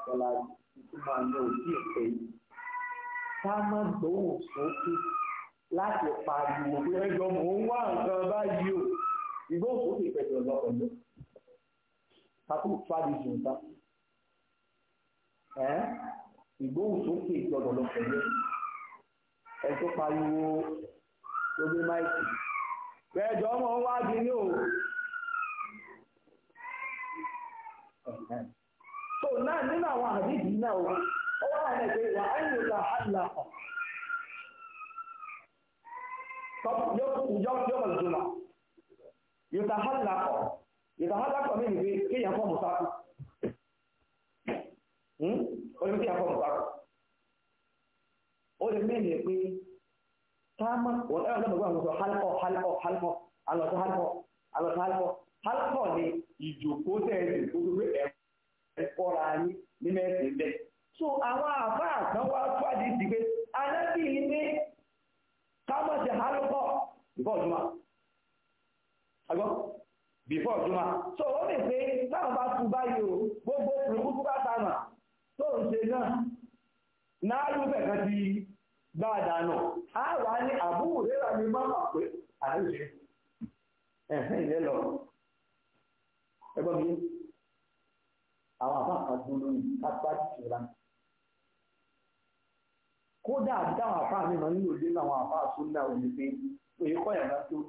mọ́sálásí tó máa ní òbí ìpè yìí ká má gbóhùn sókè láti pariwo pé ẹjọ́ mò ń wá nǹkan báyìí o ìgbóhùn sókè pẹ̀lú ọlọ́pẹ̀lú kakú fàdíjì ń bá ìgbóhùn sókè ìjọba ọlọ́pẹ̀lú ẹ tó pariwo lórí máìkì ẹjọ́ mò ń wá di ní o. náà nínú àwọn àdídì náà ó wá àwọn ẹgbẹ́ ìwà ẹ̀yìn ìlà àlàkọ̀ yọ́mọ̀ jùlọ yóò hàlàkọ̀ yóò hàlàkọ̀ mí nìgbé kéèyàn fọ́ mùsáàkù orí hmm? kéèyàn fọ́ mùsáàkù ó lè mẹ́rin pé táàmà wọ́n ẹ̀rọ lọ́mọ̀gbọ́n àwọn sọ hálkọ̀ hálkọ̀ hálkọ̀ alọ̀tọ̀ ẹ̀kọ́ra anyị n'ime ebe bẹ́ẹ̀. so àwọn àbá àtàn wá fàdí sí pé anábì Ka kámọ̀sí bụ before juma Agọ? before juma so o lè pé táwọn o gbogbo kùrùkùkù bá tànà ṣe náà náà ló bẹ̀ kan ti wà ní àbúrò àwọn àbá kan lónìí kápá ìṣura kódà àti táwọn àfáà mi máa ń lò lé àwọn àfáà sóńdà òní pé òye kọ́ ẹ̀rọ tó nínú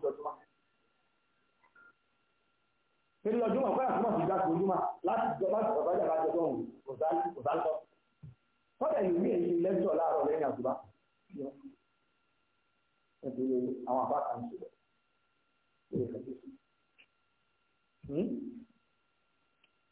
sí ìgbà òun kò èyí láàárọ̀ lẹ́yìn nítorí àwọn kan ṣe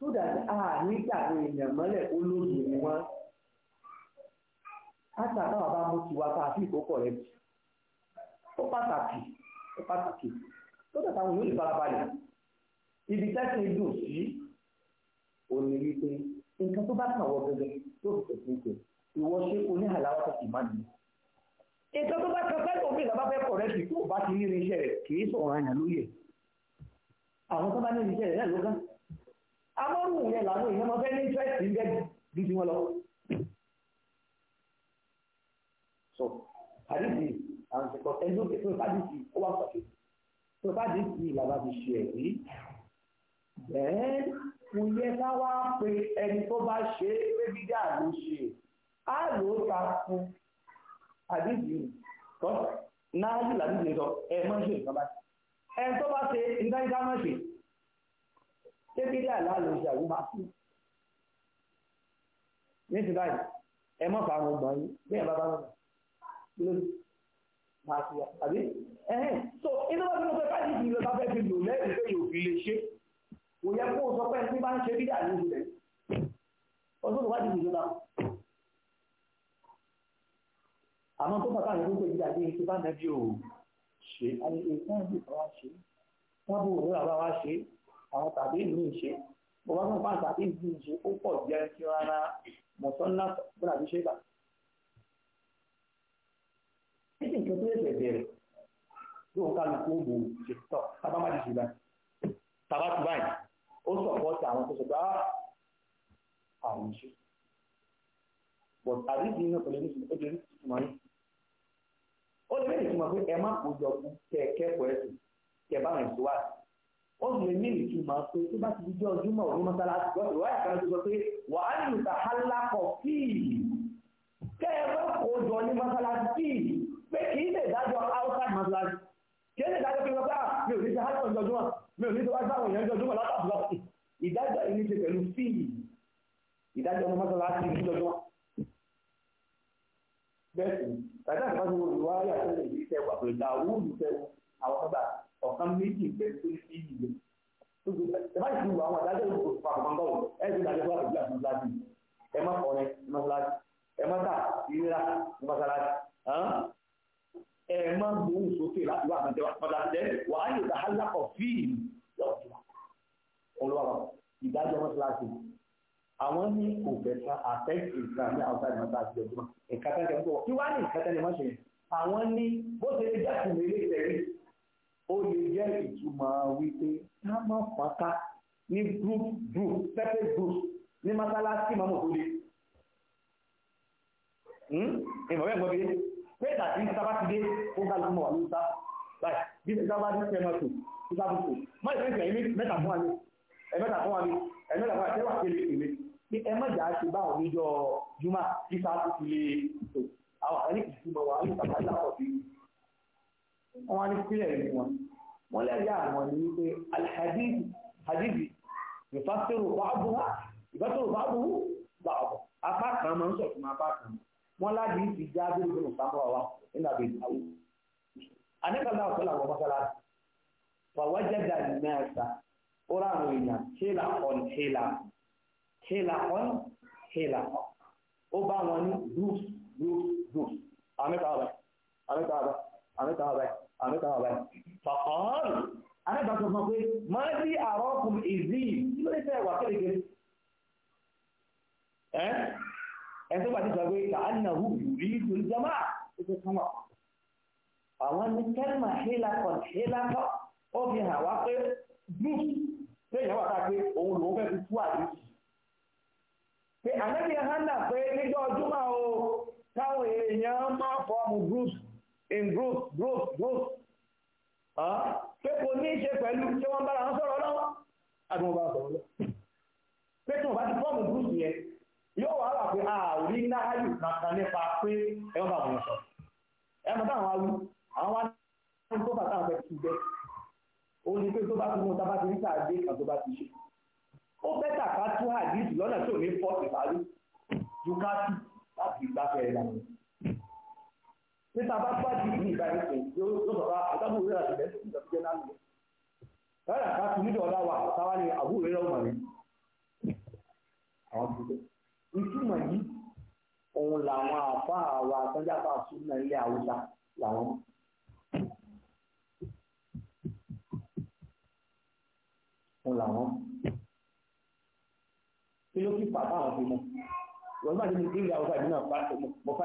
so that a nígbà àwọn èèyàn mọ́lẹ̀ olóògbé ni wọ́n àtà táwọn bá mú tiwa tá a fi ìkókò rẹ jù ó pàtàkì ó pàtàkì tó dàtà àwọn yóò lè farabalẹ̀ ibi tẹ́sán dùn sí òní wípé nǹkan tó bá kàn wọ gẹ́gẹ́ tó fi tẹ̀sí ìpè ìwọ ṣe oní àláwọ̀ tó sì máa nìyí nǹkan tó bá kan fẹ́ lómi ìlànà fẹ́ kọ̀ rẹ sí tó bá ti ní irinṣẹ́ rẹ̀ kì í sọ̀rọ̀ àyàn lóye àwọn tó bá ní irinṣẹ́ rẹ̀ náà amọ́rù yẹn làwọn èèyàn máa fẹ́ ní interest ń bẹ́ẹ̀ bí ti wọn lọ. so àdìsí àwọn ìṣẹ̀kọ̀ ẹni ó ké pé àdìsí ó wà pàṣẹ pé àdìsí làbá ti ṣe ẹ̀rí bẹ́ẹ̀ mo yẹ ká wá pe ẹni tó bá ṣe é pé gíga ló ṣe á lò ó ta fún àdìsí tó náà yìí làdìsí sọ ẹ mọ́ ṣe ìjọba ẹ tó bá ṣe ìdájọ́ máa ṣe débídé àlàálò ṣe àwùmá sí ní ti báyìí ẹ mọ̀ fáwọn ọgbọ̀n yìí bí ẹ bá bá wọn lórí máa ṣe àbí ẹ̀hìn so inú wọn bí wọn fẹ́ káyìí ìlú bá fẹ́ fi lò lẹ́yìn pé yóò fi lè ṣe kò yẹ kó o sọ pé ẹni bá ń ṣe bídé àlejò rẹ̀ ọdún tó wá di ìjọba àmọ́ tó bàbá rẹ̀ ló pè bídé àlejò bá nẹ́bí ò ṣe àlejò àwọn tàbí ìlú ìṣe bó bá fún fáwọn tàbí ìlú ìṣe ó pọ̀ jẹ́ kí rárá mọ̀sánná bọ́lá fi ṣe gbà. títí nǹkan tó yẹ bẹ̀rẹ̀ yóò ká lóko ògbò ṣe tọ̀ tábà má ti ṣe báyìí tábà ti báyìí ó sọ̀pọ̀tì àwọn tó ah, ṣe gbà àwọn ìṣe. but àdídì iná pẹ̀lú ní ó lè rí ó lè rí ìtumọ̀ pé ẹ má kó jọ fún kẹ̀kẹ́ pẹ̀lú kẹ̀ bá rìn síwájú ó lè ní ìtumọ̀ pé tó bá ti di jọ́ ọdún mọ̀ ní mọ́sálásí gbọ́ ìwáyà kan tó sọ pé wà á nù ta hálákọ̀ fíì kẹ́ ẹ bá kó jọ ní mọ́sálásí fíì pé kì í lè dájọ́ outside mọ́sálásí kì í lè dájọ́ pé lọ́gbà mi ò ní ṣe hálákọ̀ ìjọjúmọ̀ mi ò ní ṣe wá sáwọn èèyàn ìjọjúmọ̀ látàbùlọ́ ìdájọ́ ìní ṣe pẹ̀lú fíì ìdájọ́ ọmọ mọ́sálásí ìjọjúmọ̀ bẹ́ẹ̀ sì tàbí àti ọ̀kan méjì bẹ́ẹ̀ tó sí ìlú. ẹ má ti wù àwọn àdájọ́ ìlú tó papọ̀ mọ́ bọ́ọ̀lù ẹ ti dájọ́ fún àdúgbò àti mọ́sálásì ẹ má kọrin ní mọ́sálásì ẹ má tà ìrírà ní mọ́sálásì ẹ má gbóhùn sókè láti wà àtẹ̀wà mọ́sálásì tẹ́ wà á yẹ ìdáhàlá ọ̀fíìn lọ́ọ̀tún olùwàwọ̀ ìdájọ́ mọ́sálásì àwọn ní kò fẹ́ sa affect islam ní àwọn sáàdì mọ́ta àti ìjọba ìkàtà ìjọba kí wá ní ìkàtà ìjọba ṣe àwọn ní bó ṣe lè jáde nílé ìtẹ̀rí ó lè jẹ́ ìtumọ̀ wípé ká má pátá ní group group separate group ní mọ́sálásí mọ́mọ́ tó lé ìmọ̀ bẹ́ẹ̀ mọ́ bí pé tàbí sábà ti dé ó ká lọ́mọ wà ló sá báyìí bí sábà ti fẹ́ mọ́ tó tó sábà tó má ìfẹ́ ìfẹ́ mẹ́ta fún wa ní ẹ̀mẹ́ta fún wa ní ẹ̀mẹ́ta fún wa tẹ́wà kéré kéré ní ẹmọ́jà ṣe báwọn níjọ́ jùmọ̀ kí sáà tó fi lè tó àwọn àríkì túmọ̀ wà ní ìtàkàlà ọ̀sìn wọ́n á ní kílẹ̀ ní wọn wọ́n lẹ́yìn àwọn ní wípé alhadidi hadithi ìfásitìrò báàbùwá ìfásitìrò báàbùwú báàbù apá kan máa ń sọ fún apá kan wọ́n láti ti já bíi nínú sábà wa nínú àbẹ̀ ìdáwó anẹ́kọ̀ọ́lá ọ̀sẹ̀ làwọn mọ́sálásí wàwá jẹ́dà mẹ́ta ó bá wọn ní groups groups groups àmẹ́ta ọ̀bẹ̀ àmẹ́ta ọ̀bẹ̀ àmẹ́ta ọ̀bẹ̀ àbẹ́tàwà báyìí fàkọ́ọ̀lù anẹ́bàtọ̀ fún pé máa bí àrọ́kùn ìzí lórí fẹ́ wà kérékéré ẹ́ ẹ̀sùn pàtí sọ pé kà á nà hù rí ìtòlú jama ẹ̀sẹ̀ oh, oh, kan wà àwọn ní kẹ́lìmà hélakọ̀ hélakọ̀ ó fi hàn wá ni in growth growth growth ah, pé kò ní ṣe pẹ̀lú tí wọ́n bára wọn sọ̀rọ̀ lọ́wọ́ àti wọn bá sọ̀rọ̀ pé tí wọn bá ti fọ́ọ̀mù gúúsù yẹn yóò wá wà pé àárí ah, náàyù kankan nípa pé ẹ̀wọ̀n bá wọn sọ táwọn àwọn wá ní tó bàtà àwọn ó ní pé tó bá mú bá ti sáà níta bá gbájú ní ìbáyé pé yóò sọ̀rọ̀ àtàbù rẹ̀ àti bẹ́ẹ̀ sí ìjọba náà lò. Rárá ká fi nídọ̀ ọ̀la wà táwa ni àbúrò rẹ̀ ọmọ rẹ̀. Àwọn ìdílé. Ìtumọ̀ yìí, òun làwọn àfa àwa àtọ́jáfà súnmọ́ ilé Haúsá làwọn. Òun làwọn. Kí ló kí pàtàkì àwọn fi mọ̀? Wọ́n bá ti ìlú Haúsá ìdí náà bá mo fà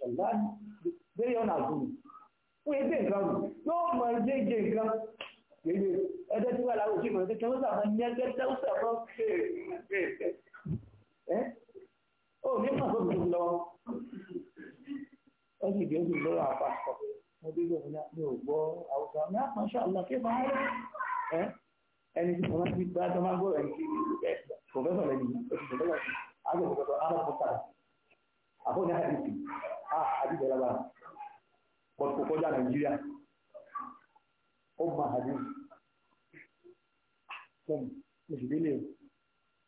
wallahi bẹ́ẹ̀ yọ̀nà àgùn fún ẹgbẹ́ nǹkan rù yóò mọ ẹgbẹ́ ìgbé nǹkan gbèrè ẹgbẹ́ tí wà láwọ̀ sí ìmọ̀ ẹgbẹ́ tẹ́wọ́sà máa ní ẹgbẹ́ tẹ́wọ́sà máa ń ó ní màá tó tuntun lọ ó sì gbé tuntun lọ́wọ́ àpapọ̀ mo bí lóun náà mi ò gbọ́ àwùjọ ní àpọ̀ṣọ́ àlọ́ kí máa rẹ̀ ẹ́ ẹni tí wọ́n ti gbá tó máa gbọ́ ẹni tí kò fẹ́ sọ̀rọ̀ ẹni tí kò fẹ́ sọ̀rọ̀ àfọ́ ní àdìsí ah, àdìsí ẹ̀rọ but kò kọjá nàìjíríà ó ma àdìsí fún ìṣìdílé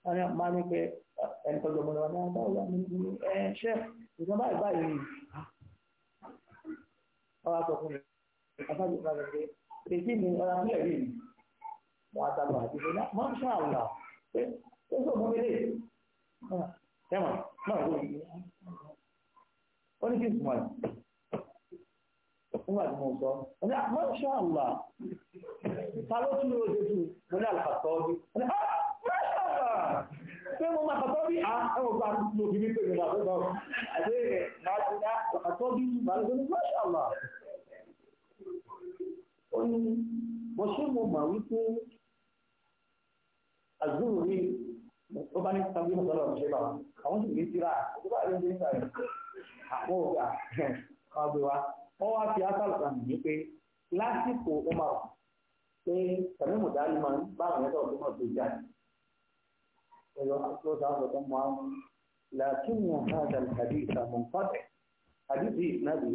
wọn ni máa ní pé ẹni tọ́jú ọmọ náà náà báwo wà nínú ẹ ṣe ìgbọ́n báyìí báyìí ni wọ́n wá sọ fún mi afájú ìgbà rẹ̀ pé èyí ni ọ̀rọ̀ àpilẹ̀ rí mi wọ́n á dábọ̀ àdìsí náà máa ń ṣàlà pé ó sọ fún mi lè tẹ́wọ̀n náà ló yẹ ó ní kí n sùnmọ́ nígbà tí mo sọ ó ní ah, masha Allah ta ló tún lóò dé tún mo ní àlàkàtọ́ bí ó ní ah, masha Allah pé mo máa kàtọ́ bí à ah, ẹ̀wọ̀n bá mi lò bíbí pé mi là fẹ́ bá wọn àti ẹ̀ máa ti ní àlàkàtọ́ bí màá lè ní masha Allah ó ní mo ṣe mo mà wípé àzúrò mi ó bá ní sábẹ́ mo ṣe bá àwọn sì ní tíra àti bá a ní tíra wọn ò gbà wọn gbé wa wọn wá fi asàlù kan nìyí pé lásìkò Umar pé tàbí mùdálì máa ń bá àwọn ẹ̀dọ́ ọ̀dọ́ náà tó jáde ẹ̀rọ àtúntò sáwọn ọ̀dọ́ mọ́ àwọn làákìnnì àhàdà tàbí ìsàmùn fàbẹ̀ tàbí ti ìsìnàbì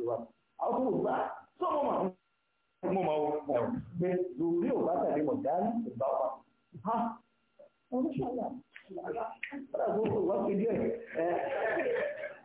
ìwà àwọn tó gbà sọ́mọ́ màá mo máa wọ pé lórí ò tàbí mùdálì ìgbà wà ha wọn ń ṣàlà ọ̀dà tó wọ́n ti díẹ̀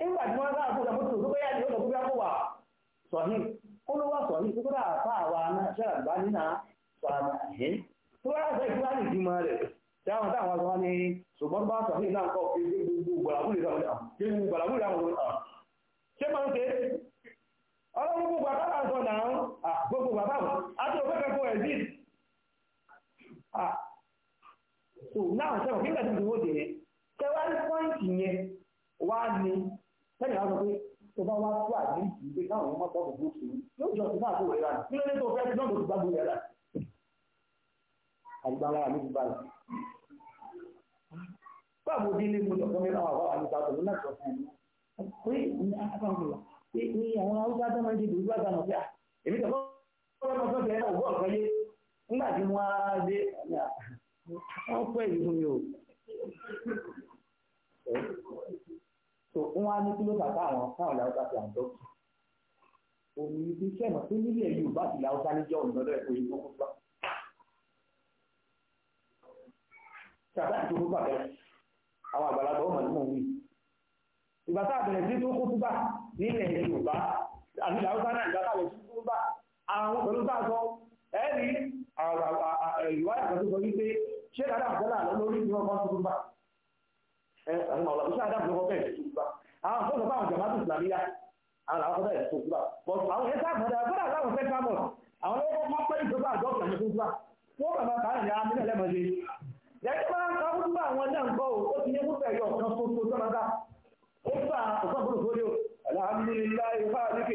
nígbà tí wọ́n bá kó sọ fótó ni ó lọ kó bẹ́yà kó sọ̀hí ó ló sọ̀hí fà bá sọ ní ìdímọ̀ rẹ̀ táwọn sọ ní ṣùgbọ́n bá sọ̀hí náà kọ́ fi gbogbo ah, ah. ṣé máa ń ṣe ọlọ́run gbogbo sọ náà ah, gbogbo bàbá òfẹ́ kẹ́kọ̀ọ́ ẹ̀ sí so yẹn kẹwàá ní pọ́ìntì yẹn wá ní lẹ́yìn láti pé tó bá wá tó àdé yìí pé káwọn ọmọ tó kò tó yóò jọ sí náà tó rẹ̀ rà kí ló dé tó fẹ́ tó tó gbàgbó rẹ̀ rà. àgbà ara mi ti balẹ̀. báwo di ilé mojọ lọ nígbà tí wọ́n á dé wọ́n pẹ́ ìfún o tó wọn á ní kí ló fà káwọn káwọn làwùjá fi àjọ kù òní ibi iṣẹ́ mọ̀ pé nílẹ̀ Yorùbá ti làwùjá níjọ́ òǹdọ́dọ́ ẹ̀kọ́ yìí kókó gbà. tàbí àti tó bàbẹ̀ àwọn àgbàlagbà ọmọ ní mò ń wí ìgbà tá àbẹ̀rẹ̀ sí tó kó túbà nílẹ̀ Yorùbá àti làwùjá náà ìgbà táwọn sí tó bá àwọn pẹ̀lú tá a sọ ẹ̀rí ìwádìí kan tó sọ wípé ṣé dáadáa àgbẹ̀là lórí ìwọ̀n kan tó bá àwọn ọ̀la iṣẹ́ àdáàbò bẹ́ẹ̀ tó kúrò àwọn fọ́nà fáwọn jamaatu islamiyya àwọn làwọn fọ́nà tó kúrò but àwọn yẹn sáà fọ́nà fọ́nà láwọn fẹ́ àwọn lọ́wọ́ máa pẹ́ ìjọba àjọ ọ̀sán tó kúrò wọ́n bàbá kàáyìn ní amílẹ̀ lẹ́mọ̀dé yẹ́n máa ń káwọn tó àwọn náà ń o ó ti ní kó fẹ́ yọ tó tó sọ́nà ó gbà ọ̀sán gbọ́dọ̀ gbọ́dọ̀ alhamdulilayi fáadíkè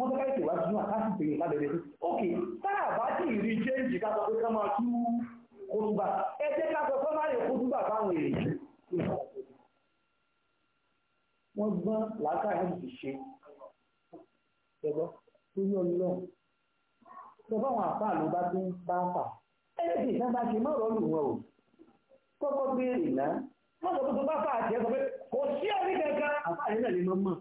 wọ́n fẹ́ káyọ̀ wá sínú àkáàtì pèrè lábẹ́rẹ́ ok sára bá tí ì rí jẹ́ǹjì ká sọ pé ká máa tú kótóbà ẹ jẹ́ ká sọ pé má lè kótóbà báwọn èèyàn wọ́n gbọ́n làákàyè ti ṣe ẹgbọ́ torí ọlọ́run sọ fáwọn àfáà ló bá tún bá ń fà ẹlẹ́sìn ìtàn bá ṣe má rọ́ọ̀lù wọn o kọ́kọ́ béèrè náà wọ́n sọ pé tó bá fà á tiẹ̀ sọ pé kò sí ẹ̀rí kankan àfáà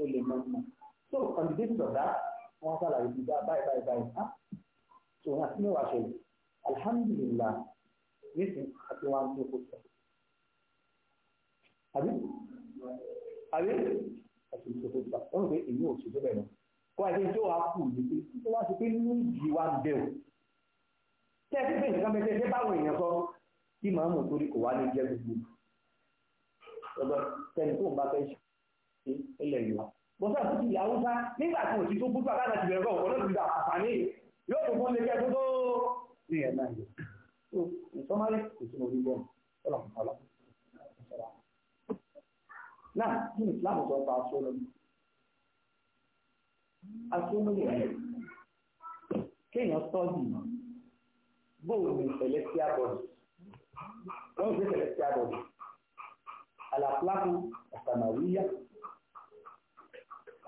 tó lè mọ ọmọ so on the basis of that wọn ṣàlàyé ti dá báyìí báyìí báyìí ah, á so wọn àti mẹwàá ṣẹlẹ̀ alhamdulillah nísìn àti wọn tó kó sọ àbí àbí àti tó kó sọ wọn pé èyí ò ṣètò bẹ́ẹ̀ lọ kó àti tó wàá kù ní pé tó wá pé ní ìjì wa bẹ o tẹ́ẹ̀sì pé nǹkan bẹ́ẹ̀ tẹ́ẹ̀sì báwọn èèyàn sọ tí màá torí kò wá ní jẹ́ gbogbo ọgbọ́n tẹ́ni tó ń bá fẹ́ ṣe ilẹ̀ yorùbá bọ́sẹ̀ àti ilẹ̀ haúsá nígbà tí òtítọ́ bútú àtàlà ti bẹ̀rẹ̀ kọ́ ọ̀nà ìgbà àfààní yóò tó fún lẹ́gbẹ́ tó ní ẹ̀ náà yẹ so ìsọmọlẹ ìtumọ̀ orí bọ́ọ̀mù ọlọ́mọlá náà kí islam sọ pa aṣọ lọ́nà aṣọ lọ́nà rẹ̀ kéèyàn sọ́ọ̀dì bóòlù ní celestial body wọ́n ń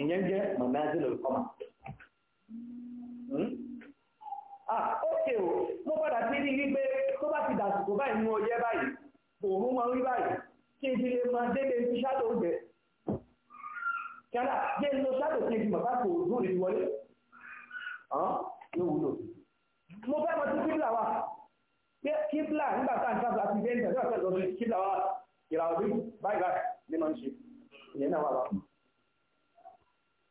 ìyẹn jẹ́ mọ̀nàdí lórí kọ́mà. ókè o mo padà sí ní wípé tó bá ti dàsìkò báyìí mú ọyẹ báyìí òun máa ń rí báyìí kí n ti lè máa dédé ti ṣáàtò oúnjẹ kẹ́lá jẹ́ ń lo ṣáàtò kí n ti bàbá kò dúró lè wọlé yóò wúlò mo fẹ́ mọ sí kíbla wa kíbla nígbà tá à ń sábà ti dé ń tẹ̀lé ọ̀sẹ̀ lọ́dún kíbla wa ìràwọ̀ bí báyìí báyìí ní máa ń ṣe ìyẹn náà wà lọ́wọ́.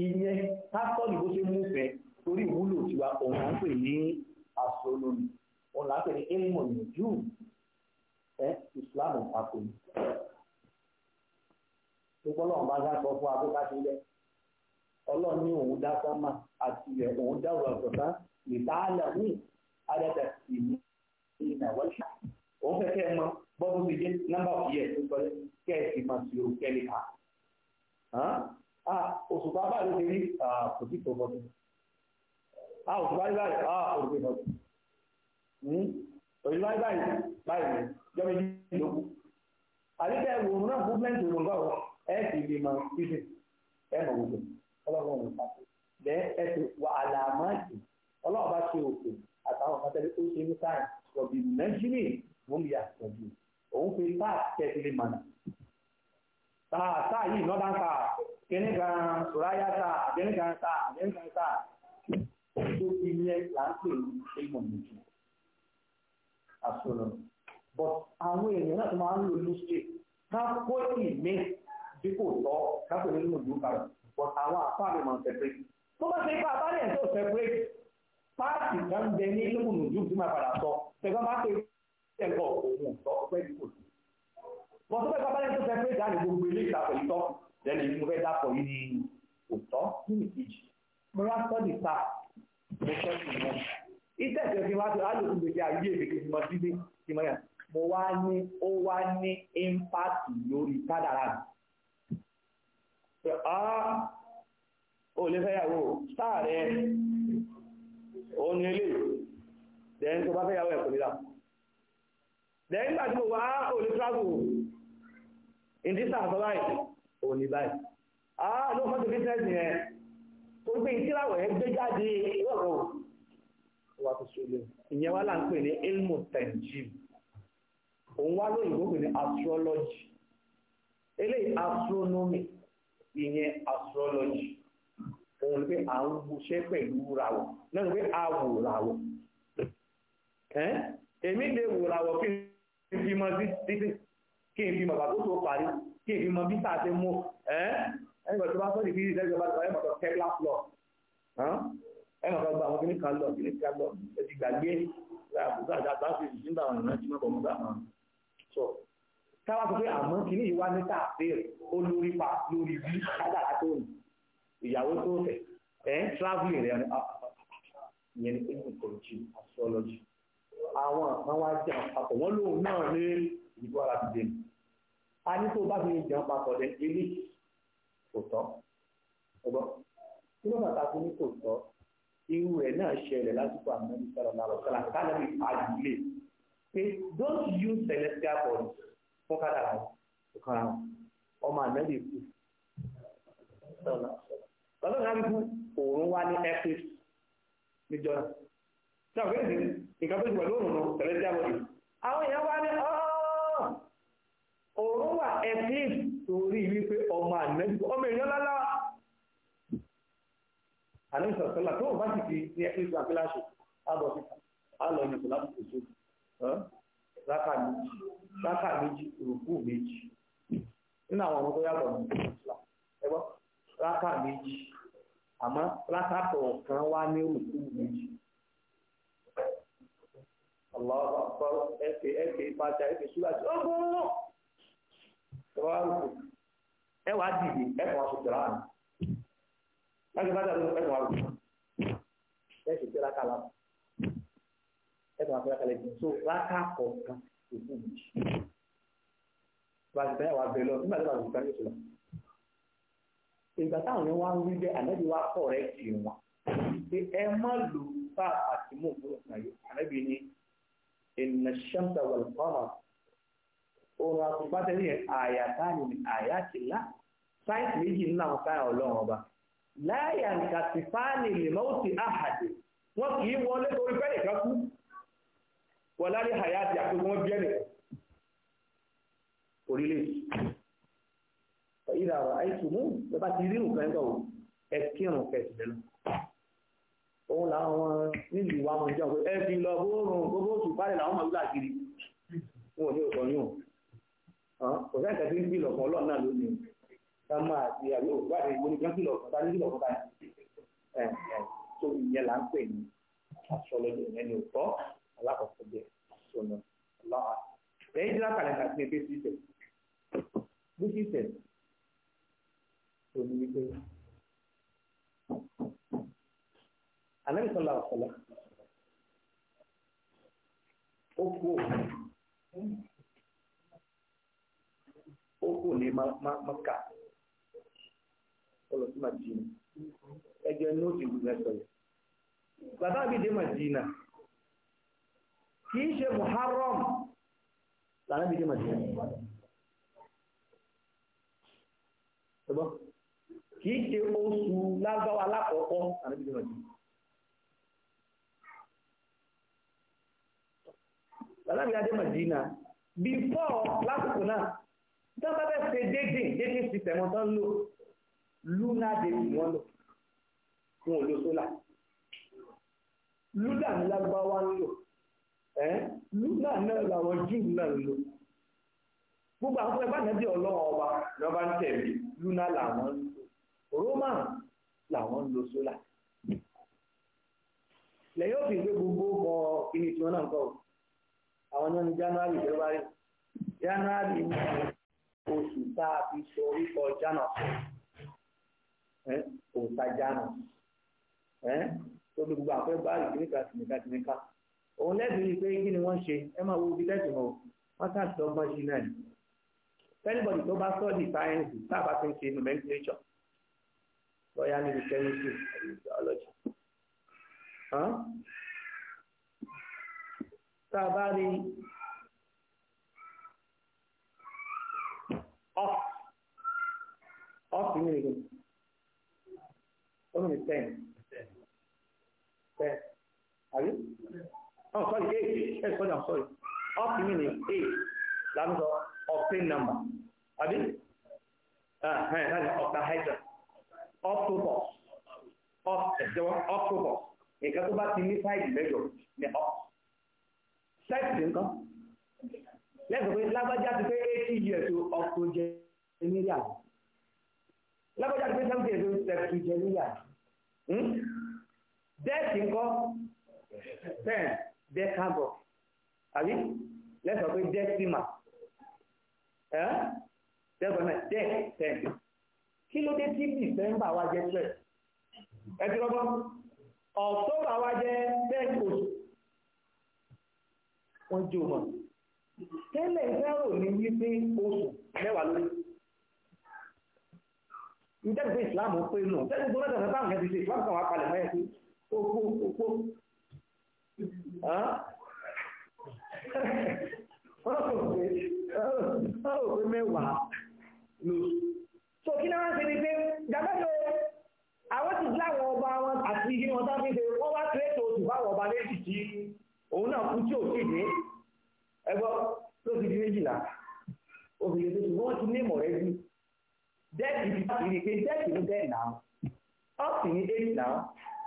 ìyẹn pásítọ̀ ni bó ṣe mú fẹ́ torí ìwúlò tiwa òun là ń pè ní astronomy òun là ń pè ní ilmu nìjú ẹ islam ìpapò ní. pípọ́ lọ́run bá dá sọ fún abúlé ti lẹ̀ ọlọ́run ní òun dá sámà àti ilẹ̀ òun dá òun àgbọ̀tán ìtaálà ní adẹ́tà ìlú ìnáwó ìṣá òun fẹ́ kẹ́ ẹ mọ bọ́bú ti dé nọ́mbà òkú yẹ kẹ́ ẹ sì máa ṣòro kẹ́lẹ́ ká òṣùpá bá ló ti rí kò sí tó bọ́dún òṣùpá rí báyìí òṣùpá bọ́dún òṣùpá rí báyìí báyìí rẹ̀ jọ́mi ní ìlú àdíkẹ́ ìwòrán náà gúfẹ́ǹtì òun báwo ẹ sì lè mọ fífi ẹ mọ gbogbo ọlọ́run ọ̀hún pàtó bẹ́ẹ̀ ẹ ti wà àlàmáàjì ọlọ́run bá ṣe òkè àtàwọn ọ̀kadẹ́lẹ́ tó ṣe ní sáyẹn rọ̀bì nàìjíríì mú mi àtọ̀jú òun fi táà tẹ̀sílẹ̀ kíní kan sòráyà ta àbíní kan ta àbíní kan ta tó fi yẹ láńpẹ ìmọ̀ méjì àsọ̀rọ̀ but àwọn èèyàn náà tó máa ń lò lóṣè ká kó ìmí bí kò tọ́ kápẹ́ nínú ìlú kan but àwọn àfáàmì máa ń tẹ̀lé tó bá ṣe ipá abálẹ̀ tó separate páàtì kan bẹ ní ìlú nùdú tí máa padà sọ ṣẹ̀gbọ́n bá ṣe ìṣẹ̀kọ̀ òun ò pẹ́ bí kò sí bọ́n tó fẹ́ bá balẹ̀ tó fẹ́ pé ìdáhùn gbogbo ilé ìtàkùn ìtọ́ lẹ́nu ìlú fẹ́ dàpọ̀ yìí ni òótọ́ nínú ìkejì mo rá sọ́ọ̀dì ta mo fẹ́ sí wọn ìtẹ̀sẹ̀ fi wá sí alòkù gbèsè ayé mi kì í mọ sílé kì í mọ yàn mo wá ní ó wá ní impact lórí kádàrá mi. ó ah, lè fẹ́yàwó sáà rẹ̀ òun ni eléyìí dẹ̀yìn tó bá fẹ́yàwó ẹ̀kọ́ nílà tí mo wá ó lè travel ìdísà àtọ́ báyìí o ní báyìí àá ló fọ́n ti bísẹ́ẹ̀sì yẹn tó gbé ìtìláwọ̀ yẹn gbé jáde lọ́rọ̀ wà tó ṣẹlẹ̀ ìyẹn wá là ń pè ní ilmu tanjim òun wá lóyìnbó pè ní astrology eléyìí astronomy ìyẹn astrology òun pé à ń wuṣẹ́ pẹ̀lú ràwọ̀ lẹ́nu pé a wò ràwọ̀ èmi lè wò ràwọ̀ kí n fi mọ títí kí n fi mọ̀ bàbá tó parí kí n fi mọ bí sáà ṣe mú ẹ́ ẹnìkan tó bá sọ́ọ̀dì fi ìṣẹ́ ìjọba tó ẹ̀mọ̀tọ̀ kẹ́kla flọ ẹnìkan gba àwọn kìnìkan lọ kìnìkan lọ ẹ ti gbàgbé àbúgbà àgbà fi ìṣúná àwọn ìrìnà tí mọ̀bọ̀ mọ̀gbà máa sọ. káwá sọ pé àmọ́ kìnì yìí wá ní tààfẹ́ ó lórí pa lórí bí kádàrá tó nù ìyàwó tó fẹ̀ ẹ̀ traveling rẹ̀ ah, ah, ah, ìyẹn ní pé kò jù astrology àwọn àwọn ajá àpapọ̀ wọn lóun náà ní ìdìbò ara ti dènù a ní tó bá fi lè jẹun papọ̀ dẹ ilé kò tọ́ ọgbọ́n tí ló bàtà fún ní kò tọ́ irú rẹ̀ náà ṣẹlẹ̀ lásìkò àmọ́ni sọ̀rọ̀ lárọ̀ sọ̀rọ̀ kálẹ̀ mi àdìlé pé don't use celestial body fún kádàrà ìkanra ọmọ àmẹ́lì kù sọ̀rọ̀ lọ́dọ̀ náà wípé òun wá ní ẹ́fíìs níjọ́ náà tí àwọn ìgbésìn nǹkan tó ti wà lóòrùn celestial body àwọn èèyàn wá ní ọ́ọ́ ah, náà òun wà ẹ̀fíf torí wípé ọmọ ànẹ́bí ọmọ èèyàn lálá ànẹ́bí tó bá sì ti ní ẹ̀fíf àfíláṣù ábọ̀ síta àlọ́ ìyẹ̀kọ̀ láti èso rákà méjì rákà méjì òrùkú méjì nínú àwọn ọmọ tó yàtọ̀ ní ìsìlá ẹgbọ́ rákà méjì àmọ́ rákà wá ní Allahu Akbar ẹ̀fẹ̀ ẹ̀fẹ̀ ìfàṣà ẹ̀fẹ̀ ṣúgbàtí ọgbọ̀n ẹwà dìde ẹ̀fọ̀ aṣòtìrà àná láti bá dàbí ẹ̀fọ̀ àrùn ẹ̀ṣẹ̀ tí rákà lábọ̀ ẹ̀fọ̀ àti rákà lẹ́gbẹ̀ẹ́ so rákà kọ̀ọ̀kan òkú yìí wàá bẹ́ẹ̀ wàá bẹ́ẹ̀ lọ nígbà tí wàá bẹ́ẹ̀ yóò sọ̀rọ̀ ìgbà táwọn yẹn wá ń wí bẹ́ẹ̀ ànábì wá kọ̀ rẹ̀ kì í ẹ má lò bá àtìmọ́ òkúrò kàyé ànábì ni إن الشمس والقمر ورب باتني آياتان من آيات الله سايت ميجي ننا وكان الله أبا لا ينكسفان لموت أحد وكي ولا تقول كذا كفو ولا لحياة يعقوب ما بينه orílẹ̀ ìdá ọ̀rọ̀ àìsùnmú lọ́ba ti rí nǹkan ẹ̀kọ́ ẹ̀kírun kẹsìlélọ́wọ́ òun làwọn nílùú wa mọ̀ jẹun pé ẹ fi lọ bóòrùn gbogbo oṣù báyìí làwọn máa láàkiri wọn ò ní òkò yóò kò sẹ́yìn kẹ́sí ń bìlọ̀ kan ọlọ́run náà lónìí ká máa ti àbí òkúwàdì oníkan bìlọ̀ kan tá ní bìlọ̀ kan báyìí ẹ̀ ẹ̀ tó ìyẹn là ń pè ní astrology ìyẹn ní òtọ́ alákọ̀ọ́kọ́ jẹ́ sọ̀nà ọlọ́wà lẹ́yìn Ànábì sọlá ọ̀sọ̀lá ó kú ó kú ní maka ọlọ́sí Màdínà ẹjọ́ ní òjì ìlú mẹ́sọ̀ yìí bàbá mi dé Màdínà kì í ṣe Muharram lànà mi dé Màdínà kì í alábi adé Madina before lásìkò náà tó bá fẹ́ ṣe dating dating system tó ń lò lunar dating wọ́n lò wọn ò lo solar lúdà ní lágbáwá ń lò lúdà náà làwọn júù náà ń lò gbogbo àwọn ẹgbẹ́ ànábì ọlọ́run ọba ni wọ́n ń tẹ̀lé lúnà làwọn ń lò roman làwọn ń lo sólà lẹ́yìn òfin gbé gbogbo ọmọ kíní náà ń kọ́ àwọn ní january tó january ní oṣù tá a fi sọ orúkọ janus òòta janus tó gbogbo àpẹ bá rí kìnìkà kìnìkà kìnìkà òun lẹ́bìí pé kí ni wọ́n ṣe ẹ máa wo ibi o wọ́n sàn náà anybody tó bá sọ́ọ̀dì sáyẹ́nsì tá a bá fi ń ṣe nomenclature lọ́yà níbi chemistry tá a bá rí off off ní ìlú ó ní ten ten àbí oh sorry eight eight sorry i'm sorry off ní ìlú eight lánàá obtain number àbí ẹ̀hẹ́n láti octahedron octopus octopus nǹkan tó bá ti ní sáìdì mẹ́jọ ní off sẹ́ẹ̀sì nǹkan lẹ́sìn pé lágbájá ti pé eighty years of progeria lágbájá ti pé seventy years of septuageria hmm? dẹ́ẹ̀tì nǹkan ten decabo àbí lẹ́sìn pé decima dẹ́gbọ̀n náà dẹ́ẹ̀ ten kí ló dé tí december wá jẹ́ twelve ẹ ti rọ́gbọ́n october wá jẹ́ ten oṣù wọ́n jó mọ̀ tẹ́lẹ̀ zero ní wípé oṣù mẹ́wàá lórí ìjẹ́bù pé islam ó pé nù tẹ́lẹ̀ gbogbo mẹ́ta sábà nǹkan ti ṣe islam kan wà kalẹ̀ mọ́ ẹ̀ sí opó opó ọ̀rọ̀ pé mẹ́wàá lóṣù so kí náà ṣe ni pé gàgbẹ́jọ àwọn ti láwọn ọba wọn àti ìhìn wọn tábí ṣe wọ́n wá tẹ́lẹ̀ tó oṣù báwọn ọba méjì tí òun náà kú tí ò kéde ẹgbọ́ ló fi di méjìlá obìnrin tó ṣùgbọ́n wọ́n ti ní ìmọ̀ rẹ bí dẹ́ẹ̀kì ti fi rí i pé dẹ́ẹ̀kì ló bẹ́ẹ̀ náà ọ́ọ̀sì ní éèdì náà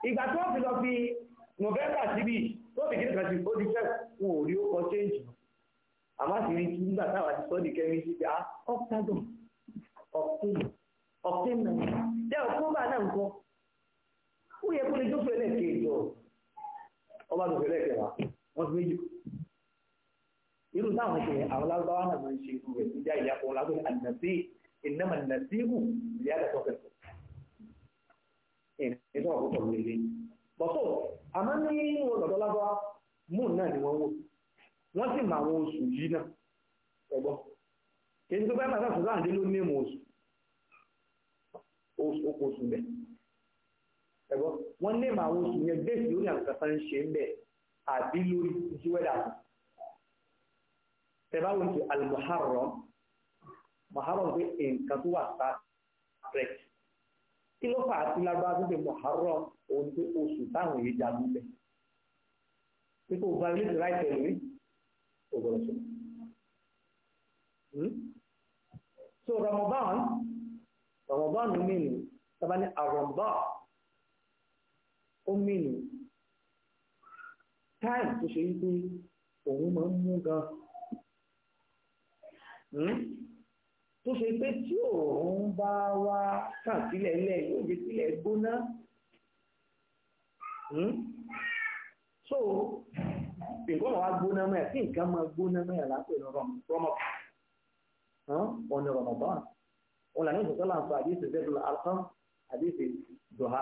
ìgbà tí wọ́n fi lọ fi síbi tó fi kéde ó di fẹ́ wọn ò ó kọ ṣéǹjì àmọ́ sì rí i nígbà táwa ti sọ ní kẹrin sí jẹ́ òkú bá ọba tó fẹ́lẹ̀ kẹwà wọ́n ti méjì irú táwọn ṣe àwọn lágbáwá náà máa ń ṣe irú rẹ̀ níjà ìyàpọ̀ lágbóyè ànàsí ìnáma nàsíhù ìyá àdàtọ̀ kẹfọ́ ẹ̀ sọ̀rọ̀ púpọ̀ lórí ilé bọ́tò àmọ́ ní ọ̀dọ̀ lágbáwá moon náà ni wọ́n wò wọ́n sì mọ àwọn oṣù yìí náà ẹ̀gbọ́n kí n tó bá máa sàtúnṣe àǹdé ló ní ìmọ̀ oṣù oṣù bẹ́ẹ̀ ẹ̀gbọ́ wọ́n ní ìmọ̀ àwọn oṣù yẹn déètì lórí àwọn kàtà ń ṣe ń bẹ̀ àbí lórí ojú wẹ́dà tẹ̀bá wọn ti al-muharram muharram pé nǹkan tó wà sá rẹ̀ kí ló fà á sí lágbára tó ṣe muharram òun pé oṣù táwọn èyí jagun bẹ̀ pé kó gba ilé ìtura ìtẹ̀lé rí hmm? so Ramadan Ramadan mi ni sábà ní àrọ̀mbọ́n ó mìnì táìmù tó ṣe wípé òun máa ń mú gan hmm? tó ṣe pé tí òun bá wá kàn sílẹ̀ lẹ̀ yóò jẹ́ sílẹ̀ gbóná hmm? so nǹkan wàá gbóná mọ́ ẹ̀ tí nǹkan máa gbóná mọ́ ẹ̀ lápẹ̀ lọ́rọ̀ rọ́mọ̀ ọ̀nà rọ̀mọ̀bọ́n ọ̀làní ìṣẹ̀tọ́lá ń sọ àdéhùn ìṣẹ̀tọ́lá alkan àdéhùn ìdọ̀ha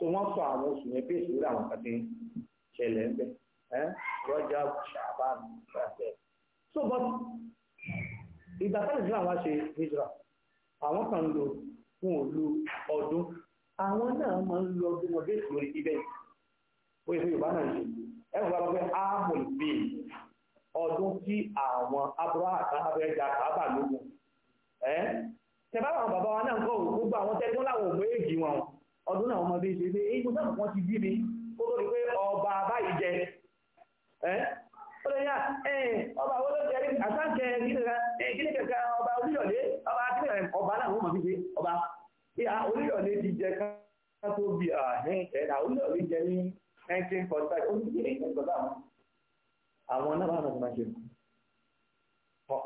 tó wọ́n sọ àwọn oṣù yẹn bẹ́ẹ̀ sórí àwọn kan tí ṣẹlẹ̀ ń bẹ̀ ẹ́ rọ́jà ṣàbán ṣàṣẹ. so but ìgbà tó ìdílé àwọn ṣe hijra àwọn kan lò fún òlu ọdún àwọn náà máa ń lo ọdún wọn bẹ́ẹ̀ sórí ibẹ̀ ó fún Yorùbá náà ṣe ẹ kò bá lọ pé bíi ọdún tí àwọn abúráhà kan kábà lógún ẹ tẹ bá àwọn bàbá wa náà ń kọ́ òkú gbọ́ àwọn tẹ́tún láwọn òmùú èjì wọn ọdún náà wọ́n bí ṣe pé eégún sáà wọ́n ti bí mi ó lórí pé ọba báyìí jẹ ẹ́ ó lè yá ẹ̀ ọba owó ló jẹ́rí àsáǹkẹ́ kílé kẹ̀kẹ́ ọba oníyọ̀lé ọba akílẹ̀ ọba náà wọ́n mọ̀ fi ṣe ọba ìhà ah, oníyọ̀lé ti jẹ ká tó bí ẹ̀ẹ́dà ah, oníyọ̀lé jẹ ní 1945 ó ní kí ẹ̀yìn ẹ̀kọ́ dáhùn àwọn náà bá máa ṣe pọ̀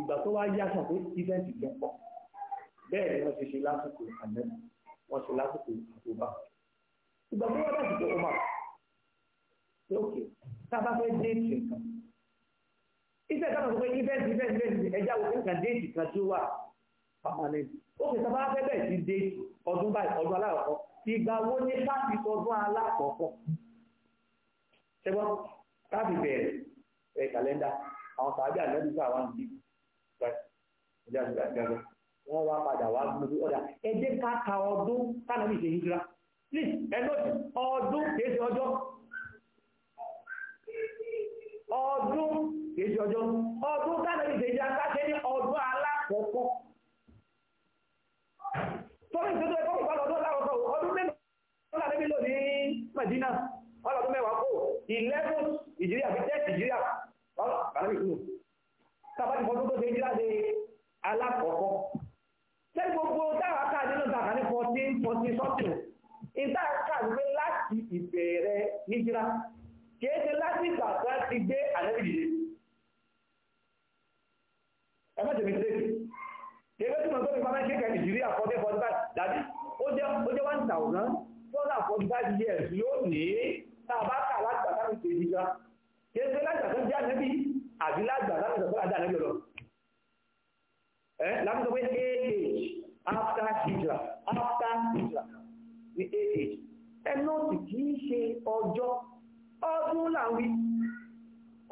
ìgbà tó wá yá sàn pé ìfẹ́ǹtì jẹ pọ̀ bẹ́ẹ̀ ni wọ́n ti ṣe lásìkò àmẹ́rin wọ́n ṣe lásìkò àtòbá ìgbà tó wá bá ti tọ́wọ́ máa ṣe òkè tá a bá fẹ́ déètì nǹkan iṣẹ́ ìdáná sọ pé ìbẹ́ẹ̀tì ìbẹ́ẹ̀tì ìbẹ́ẹ̀tì ẹja wo nǹkan déètì kan tí ó wà permanent òkè tá a bá fẹ́ bẹ̀rẹ̀ sí déètì ọdún báyìí ọdún alákọ̀ọ́kọ́ ìgbà wo ni káàfi ọdún alákọ̀ọ́kọ́ ṣẹgbọ́n káàfi bẹ̀rẹ̀ ẹ̀ kàlẹ́ndà àwọn sàájà lẹ́nu wọ́n wá padà wá gbogbo ọ̀dà ẹ jẹ́ ká ka ọdún tánàbí ṣe hijira please ẹnọ́tì ọdún kìí ṣe ọjọ́ ọdún kìí ṣe ọjọ́ ọdún tánàbí ṣe hijira káṣẹ ní ọdún alákọ̀ọ́kọ́ torí ìṣètò ẹ̀kọ́ ìpàdé ọdún alákọ̀ọ́kọ́ ọdún mẹ́lòó tánàbí lò ní Madina ọlọ́dún mẹ́wàá kò eleven Nigeria fi ten Nigeria ọlọ́dún tánàbí kúrò tábàtì fọdún tó ṣe hijira ṣe alákọ̀ọ́kọ́ ṣé gbogbo táwa ká nínú tàkà ní fourteen fourteen something ìta ká ló pé láti ìbẹ̀rẹ̀ níjìlá kìí ṣe láti ìgbà tí wọ́n ti gbé àlẹ́ yìí ẹ má tẹ̀lé ṣe kìí ṣe tí mo gbọ́dọ̀ ìpamọ́ ṣe kẹ́ nàìjíríà fourteen forty five dàbí ó jẹ́ ó jẹ́ one thousand four hundred and forty five years lónìí tá a bá kà láti gbà a ti ṣe ìjìlá kìí ṣe láti gbà tó ń jẹ́ àlẹ́ bí àbí láti gbà a ti sọ̀rọ̀ àdá àlẹ́ bí láti sọ pé ah after hijra after hijra ní ah ẹnu eh, òsì kì í ṣe ọjọ́ ọdún làwí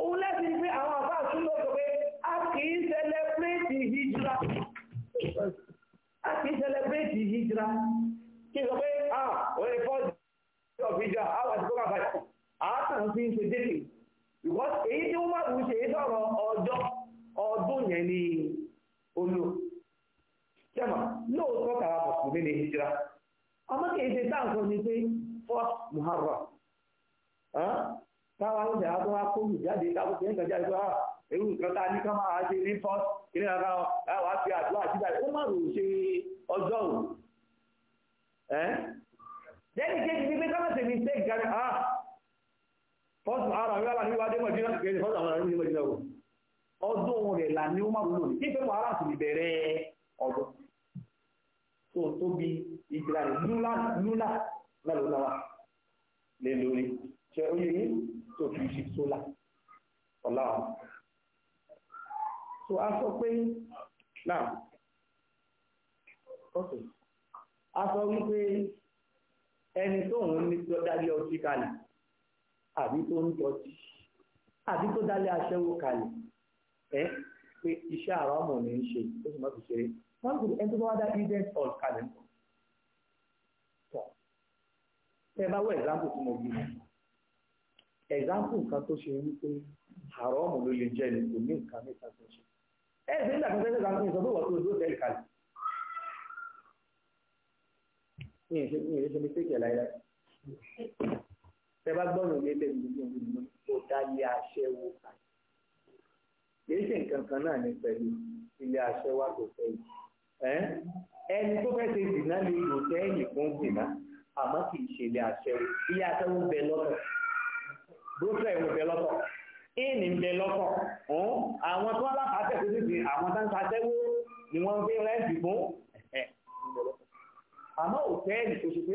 òun lẹ́sìn ni pé àwọn àbá àtúntò sọ pé a kì í celebrate hijra a kì í celebrate hijra kí n sọ pé ah òun ìfọ́ ìjọ hijra a wà sí kókà báyìí àákàn fi ń ṣe délé because èyí tí wọ́n wà ń ṣe é sọ̀rọ̀ ọjọ́ ọdún yẹn ni. olú jẹ́mà lóòótọ́ tàwa mùsùlùmí ní hijira amaghị eze taa táǹkọ ni pé first ewu first na kan káwọn láwọn á fi àdúrà àtijọ́ ó má rò ṣe ọjọ́ òru jẹ́ni kéjì ní pé ká first muharram yóò wá ní wájú mọ̀jìnà kìí ọdún rẹ̀ là ní Umaru lónìí kí ìfẹ́ wàhálà sì lè bẹ̀rẹ̀ ọdún tó tóbi ìgbìlá rẹ̀ lúlà lúlà mẹ́lòó náà wà lè lórí ṣe ó yẹ yín tó fi ṣe sólà ọ̀la ọ̀ so a sọ pé náà ọ̀sẹ̀ a sọ wípé ẹni tó ń ní dájú ọtí kalẹ̀ àbí tó ń tọ́jú àbí tó dálé aṣẹ́wó kalẹ̀ ẹ pé iṣẹ́ àrà ọmọ ní í ṣe ó sì má fi ṣeré wọn kò ẹni tó bá wá dá event hall kalẹ̀ nǹkan tọ̀ tẹ́ ẹ bá wọ example tí mo gbé example nǹkan tó ṣe wípé àrà ọmọ ló lè jẹ́ ni kò ní nǹkan mẹ́ta tó ṣe ẹ ṣe nígbà kan tẹ́lẹ̀ kan sọ pé wọ́n tó dúró tẹ́lẹ̀ kalẹ̀ ní ìṣe ní ìṣe ní fẹ́kẹ̀ láyé tẹ́ bá gbọ́dọ̀ lé lẹ́nu ní ìlú kó dá lé aṣẹ́wó kalẹ̀. kì nkankan ṣe nǹkan kan náà ní pẹ̀lú ilé wa kò fẹ́ ẹni tó fẹ́ ṣe dìná lè lò tẹ́yìn fún dìná àmọ́ kì í ṣe ilé aṣọ ilé aṣọ ń bẹ lọ́tọ̀ bróṣọ ẹ̀ bẹ lọ́tọ̀ éènì bẹ lọ́tọ̀ àwọn tó alábàáṣẹ tó ti àwọn ń ni wọ́n fi rẹ́ǹtì fún àmọ́ òtẹ́ẹ̀lì tó ṣe pé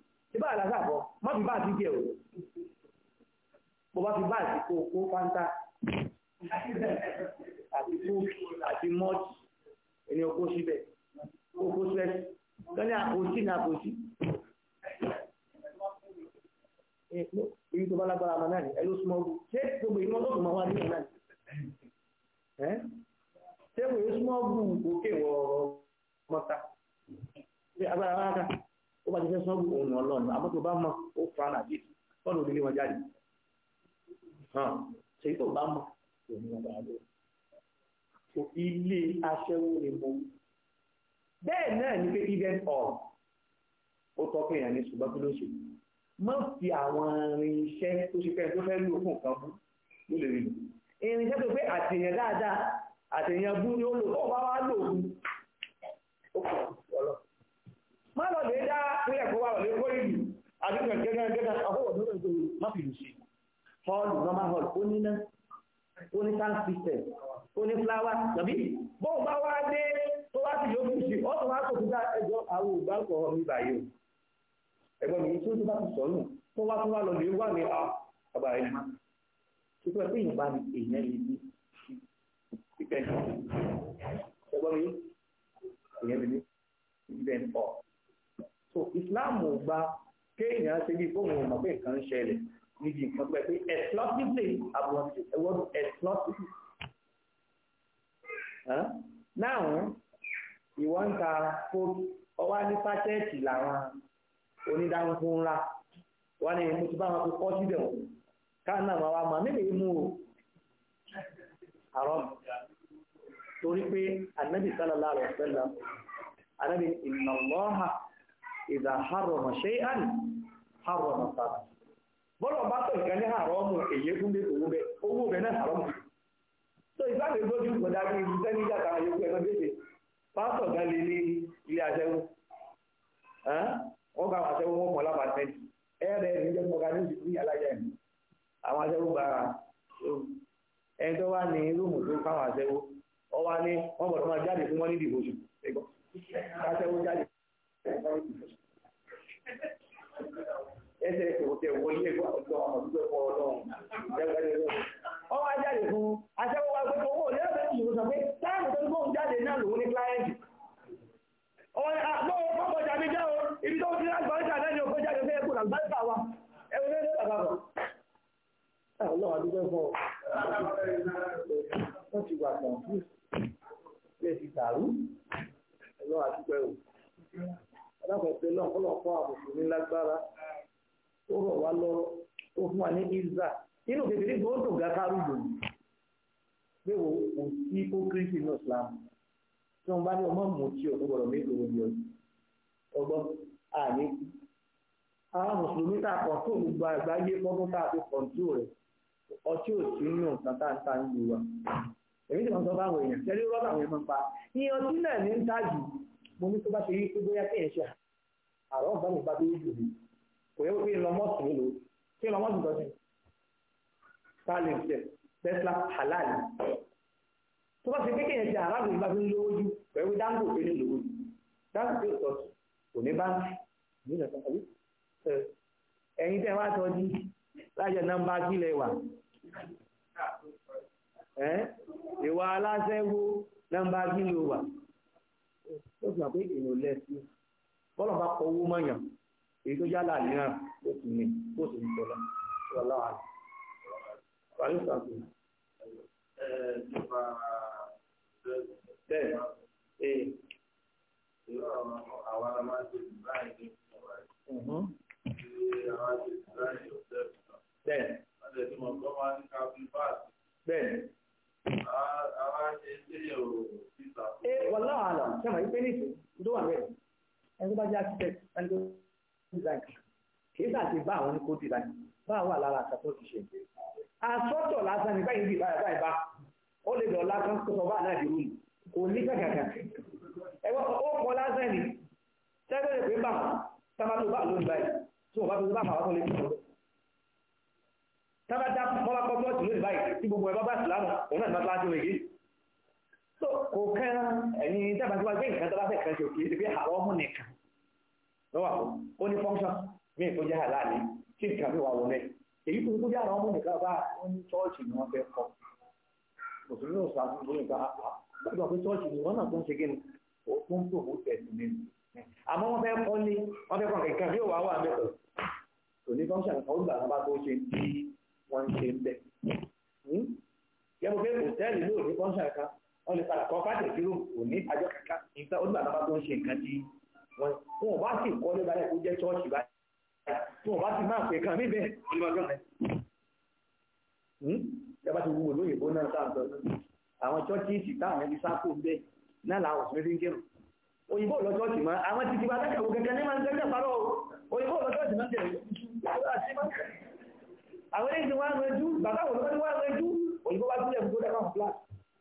ìbá àlàsà bọ̀ má fi bá àti jẹ o bó bá fi bá àti kó kó fáńtà àti kó àti mọ́ọ̀tì ẹni okó síbẹ̀ okó sẹ́ẹ̀sì lọ́ní àkóṣí ní àkóṣí èyí tó bá lágbára ọmọ náà ni ẹ ló súnmọ́ ogun ṣé gbogbo ìmọ̀ tó kùn máa wá nílùú náà ṣé gbogbo ìmọ̀ súnmọ́ ogun òkè wọ̀ ọ̀rọ̀ mọ́ta agbára wákàtí ó bá ti fẹ́ sọ́ọ̀bù òun ọlọ́run àmọ́ tó bá mọ̀ ó fa nàbí tọ́nù òdílé wọn jáde hàn ṣèyí tó bá mọ̀ òun wọn bá lọ. ilé aṣẹ́wó ni mo bẹ́ẹ̀ náà ni pé event hall ó tọ́ pé ní ṣùgbọ́n kí ló ṣe má fi àwọn irinṣẹ́ tó ṣe fẹ́ tó fẹ́ lò fún nǹkan bú ló lè rí irinṣẹ́ tó pé àtẹ̀yàn dáadáa àtẹ̀yàn bú ni ó lò ó bá wá lò ó má lọ lè dá sílẹ̀ kó wà lè kó ìlú àdúgbò gẹ́gẹ́gẹ́gẹ́ ọ̀hún ọ̀dún ló ń gbòòrò má fi lù sí hall normal hall ó ní ná ó ní sound system ó ní flower tàbí bóun bá wá dé tó wá sí yóò fi sí ó tó wá kò fúnta ẹjọ́ àwọn ògbà kọ̀ ọ́ mi báyìí o ẹ̀gbọ́n mi tó tó bá ti sọ̀nù tó wá tó wá lọ lè wà ní àgbà rẹ̀ tó tó pé èèyàn bá ní èèyàn lè ní ìbẹ̀ ẹ̀gbọ́n mi èèyàn lè ní ìbẹ̀ ọ̀ so Islam ò gba kéèyàn ṣe bí fóun ò mọ̀ pé nǹkan ń ṣẹlẹ̀ níbi nǹkan pẹ́ pé exclusively àbúrò ẹ̀wọ́n exclusively. náà ìwọ́n ń ta kóòtù ọwọ́ ní pátẹ́ẹ̀tì làwọn onídàáńkú ńlá wọ́n ní mo ti bá wọn kọ́ síbẹ̀ wọ́n káà náà máa wá máa nílé mú o àrọ́ torí pé ànábì sallallahu alaihi wasallam ànábì inna Allaha ìdá harọ̀mọ̀ ṣe é hàn harọ̀mọ̀ sára bọ́lọ̀ bá tọ̀ ìkan ní àrọ́mù èyí fún bí owó bẹ owó bẹ náà àrọ́mù tó ìsáàbè lójú ìgbọ̀dá bí ibi tẹ́ni ìjà kan yóò ẹ̀kan bèèrè pásọ̀ gan lè ní ilé aṣẹ́wó wọ́n gba àwọn aṣẹ́wó wọn mọ̀ lábàtẹ́ni ẹ̀rẹ́ ẹ̀rí jẹ́ mọ́ga ní ìlú alájà ẹ̀mí àwọn aṣẹ́wó gba ẹni tó wá ní rúùmù tó káwọn aṣẹ́wó ọ wá ní ẹsẹ̀ ìṣòwòtẹ̀ wọlé ẹgbẹ́ ọ̀dọ́ ọ̀dọ́ ọlọ́run ọwọ́ ajáde fún aṣẹ́wọ́wọ́ agbẹ́kọ̀ owó lẹ́rọ̀ẹ́ ìṣòro sọ pé táàmù tó ń gbóhùn jáde náà lòun ní kíláyẹ̀ntì ọwọ́ ah, àgbọ̀ ọkọ̀ jàmí jẹ́ o ibi tó ti lágbà ọjà náà ni ọkọ̀ jáde fẹ́ kó làgbàtà wa ẹwọ́n ní ẹgbẹ́ bàbá ah, ọlọ́run adúgbẹ́ fún ọ wọ́n ti wà kàn fún ẹ̀ ti dàrú ọlọ́run adúgbẹ́ o alákọ̀ọ́pẹ́ náà kọ́lọ̀ fún àbùkù ní lágbára ó rọ̀ wá lọ́rọ̀ ó fún wa ní ilza inú kékeré kò dùn ga kárùgbò pé wo kò sí ókírísì ní Islam tí wọn bá ní ọmọ mú tí o tó gbọ́dọ̀ méjì owó ni, ọdún ọgbọ́n àní àwọn mùsùlùmí tá a kọ̀ǹtò gbogbo àgbáyé fọ́dún tá a fi kọ̀ǹtò rẹ̀ ọtí ò sí nínú nǹkan tá a ń ta ń lu wa èmi tí wọn sọ fáwọn èèyàn tẹ́lẹ̀ rọ́bà wọn máa ń pa iye ọtí náà ní ń tà mo ní tó bá ṣe rí pé bóyá kéèyàn ṣe àrọ́ ọ̀gá mi bá dúró jù mí kò yẹ kí n lọ mọ́ọ̀sì mi lò kí n lọ mọ́ọ̀sì tọ́sí stalin ṣe tesla halal tó bá ṣe pé kéèyàn ṣe àrọ́ ọ̀gá mi bá dúró lówó jù kò yẹ kí dangote ní lówó jù dangote tọ́sí kò ní báńkì nílẹ̀ kan tàbí ẹ̀yin tẹ́ wá sọ jí lájẹ̀ nọ́mbà kílẹ̀ wà ìwà aláṣẹ́wó nọ́mbà kílẹ̀ wà ó fi hàn pé èèyàn lẹ́sí bọ́lá bá kọ owó mọ̀yàn èyí tó yálà níran ó sì ní ó sì ń tọ́lá wọlá wa parí sàkó. bẹ́ẹ̀ ee. àwọn ará máa ń ṣe báyìí ní ìwà yìí. àwọn ará ṣe báyìí ọ̀sẹ̀ kan. bẹ́ẹ̀. wọ́n lè tún mọ̀ kọ́ máa ń ka bí báàsì. bẹ́ẹ̀. àwọn ará ṣe ń ṣe yẹ̀ o ẹ wàlá àlà sẹ́mà yìí pé ní ìsìn tó wà mẹ́rin ẹni tó bá jẹ́ architect ẹni tó design kì í sàti bá àwọn oníkó design bá wà lára àtàkùn ti ṣe àsọ́tọ̀ lásán ní báyìí bá báyìí bá ó lè lọ lásán kó sọ bá náà di rúùmù kò ní kàkàkà ẹwọ́n ó kọ lásán ni sẹ́gbẹ́ rẹ̀ pé bá sábà tó bá lónìí báyìí tí wọ́n bá tó bá àwọn akọ́lé tó sábà dá mọ́lákọ́ mọ́ọ̀tì lónìí so kò kán ẹ̀yin dábàá tí wọ́n gbé nǹkan tó bá fẹ́ kan ṣe òkè ṣe àwọn ọmọ nìkan lọ́wọ́ àpò ó ní function mí tó jẹ́ àláàlí tí nǹkan mi wà wọlé èyí tó tó jẹ́ àwọn ọmọ nìkan bá ó ní chọ́ọ̀chì ni wọ́n fẹ́ kọ́ òṣèlú náà sọ àtúntò nípa gbọ́dọ̀ pé chọ́ọ̀chì ni wọ́n náà tó ń ṣe gẹ́nu ó tó ń tòwó tẹ̀sùn nínú àmọ́ wọ́n fẹ́ kọ́ ní wọ́n fẹ́ kọ́ nǹkan mi wà wà mẹ́kọ̀ọ́ kò ní function kan ó gbà wọn bá tó ṣe bí wọ́n ṣe ń bẹ̀ yẹ́n hmm? mo fẹ́ kò tẹ́lẹ̀ lóòrè function kan wọ́n lè padà kọ́ káàtì ìṣirò kò ní ìdájọ́ kíkà nígbà ó nígbà tó ń ṣe nǹkan tí wọ́n wọn bá sì kọ́ lé balẹ̀ kó jẹ́ ṣọ́ọ̀ṣì báyìí wọn bá sì máa pè kan mí bẹ́ẹ̀ olùmọ̀jọ́ rẹ̀. ìjọba ti wúwo lóyìnbó náà sáàtọ̀ àwọn ṣọ́ọ̀ṣì sì táwọn ẹbí sáàpò bẹ́ẹ̀ náà làwọn òṣèré fi ń kírun. òyìnbó lọ ṣọ́ọ̀ṣì mọ́ àwọn ti ti bá dákàwó kankan ní máa ń tẹ́lẹ̀ parọ́ òyìnbó lọ ṣọ́ọ̀ṣì mọ́ tẹ̀lé àwọn eléyìí ti wá ń rẹjú bàbá òyìnbó ti wá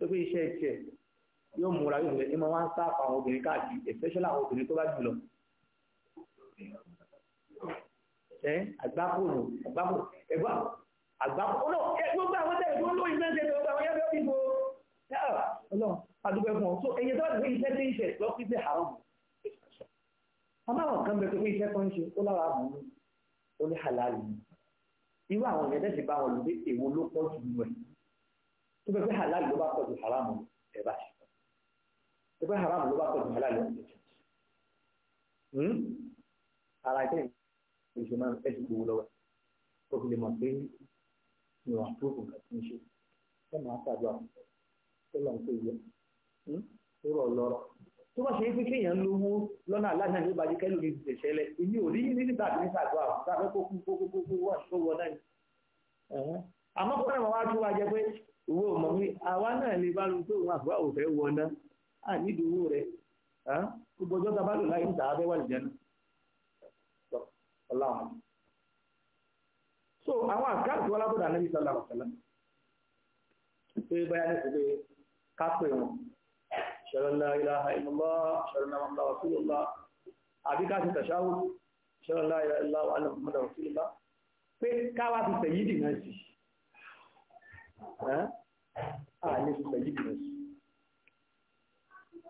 tó pé iṣẹ́ tiẹ̀ yóò múra yóò múlẹ̀ ìmọ̀ wá ń sá àwọn obìnrin káàkiri especially àwọn obìnrin tó bá jù lọ. ẹ àgbákòrò àgbákòrò ẹgbà àgbákòrò oh náà ẹ gbogbo àwọn tẹ̀lé tó ń lóyún náà ṣe gbogbo àwọn yẹ́bí ìbò ọlọ́run adúgbò fún ọ so ẹ̀yẹ tó bá ti fi iṣẹ́ tí ń ṣe lọ sí ilé haram ọmọ àwọn kan bẹ tó fi iṣẹ́ tó ń ṣe ó lára mú un ó ní halal ni irú àwọn ìyẹn tẹ̀sí bá wọn lò dé èwo ló pọ̀ jù lọ yìí tó bẹ pé halal ló bá pọ̀ ju haram ẹ̀ bá ṣe tó pé haram ló bá pọ̀ ju halal ẹ̀ bá ṣe hmm? ara jẹ́ ìṣe máa ń fẹ́sí gbowó lọ́wọ́ kó fi lè mọ̀ pé mi ò àpúròkù nǹkan tí ń ṣe ṣé màá ṣàdúrà tó lọ́n tó yẹ tó hmm? rọ̀ lọ́rọ̀ tó bá ṣe pé kéèyàn lówó lọ́nà aláṣà ní ìbàjẹ́ kẹ́lò ní ti tẹ̀sẹ̀lẹ̀ èmi ò rí ní nígbà tí ń ṣàdúrà tàbí kó àmọ́ kó náà wá tún wá jẹ pé owó mọ̀ mi àwa náà lè bá lóun tó òun àbúrò àwòfẹ́ wọná à nídìí owó rẹ̀ gbogbo ọjọ́ tá a bá lò láyé níta abẹ́ wà lè jẹun so àwọn àkáǹtì wọn lábọ̀dà náà ní sọ́lá ọ̀sẹ̀lá pé báyà ní ìpínlẹ̀ kápẹ́ wọn ṣẹlẹ̀ ilaha illallah ṣẹlẹ̀ náà mọ̀lá wàsílùmá àbí ká ti tàṣáwó ṣẹlẹ̀ ilaha illallah wàhálà mọ̀lá pé káwá ti tẹ̀yídì náà sí àlè sọ yìí bìrẹ̀ sí.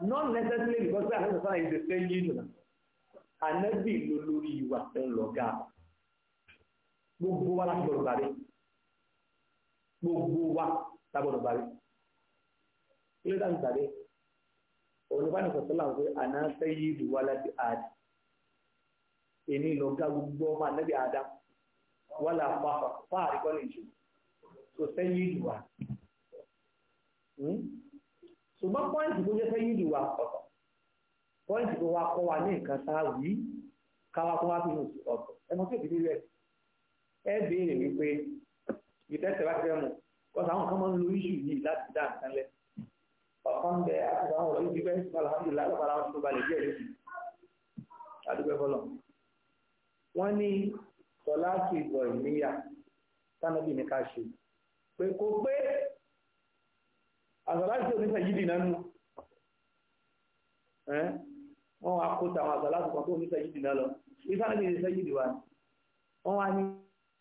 not necessarily because that person is the same leader ànábì ló lórí ìwà ẹ̀ lọ́gà gbogbo wa láti gbọdọ̀ bàrí gbogbo wa láti gbọdọ̀ bàrí àná láti àdì èmi gbogbo ọmọ ànábì tó sẹ́yìn ìlú wa ṣùgbọ́n pọ́ìntì tó jẹ́ sẹ́yìn ìlú wa ọ̀tọ̀ pọ́ìntì tó wá kọ́ wa ní nǹkan sáà wí káwa kó wá fi hàn sí ọ̀tọ̀ ẹmọ tí òbí rẹ̀ ẹ béèrè wípé ìtẹ́sẹ̀ bá fẹ́ mu kọ́sà àwọn kan máa ń lo iṣu yìí láti dá nǹkan lẹ ọ̀kan bẹ àti àwọn ọ̀rọ̀ yìí bẹ́ẹ̀ sọ́kàlà alhamdulillah lọ́pàá àwọn tó balẹ̀ díẹ̀ lóṣù àdúgbò fọlọ́ wọ́n ní sọlá tó ìbọ̀ ìníyà tánàbì ní ká ṣe pé kò pé àzàláṣí oníṣẹ́ yìí dìnnà nù wọ́n wá kó tàwọn àzàláṣí kan tó yìí lọ ìsáná ní oníṣẹ́ yìí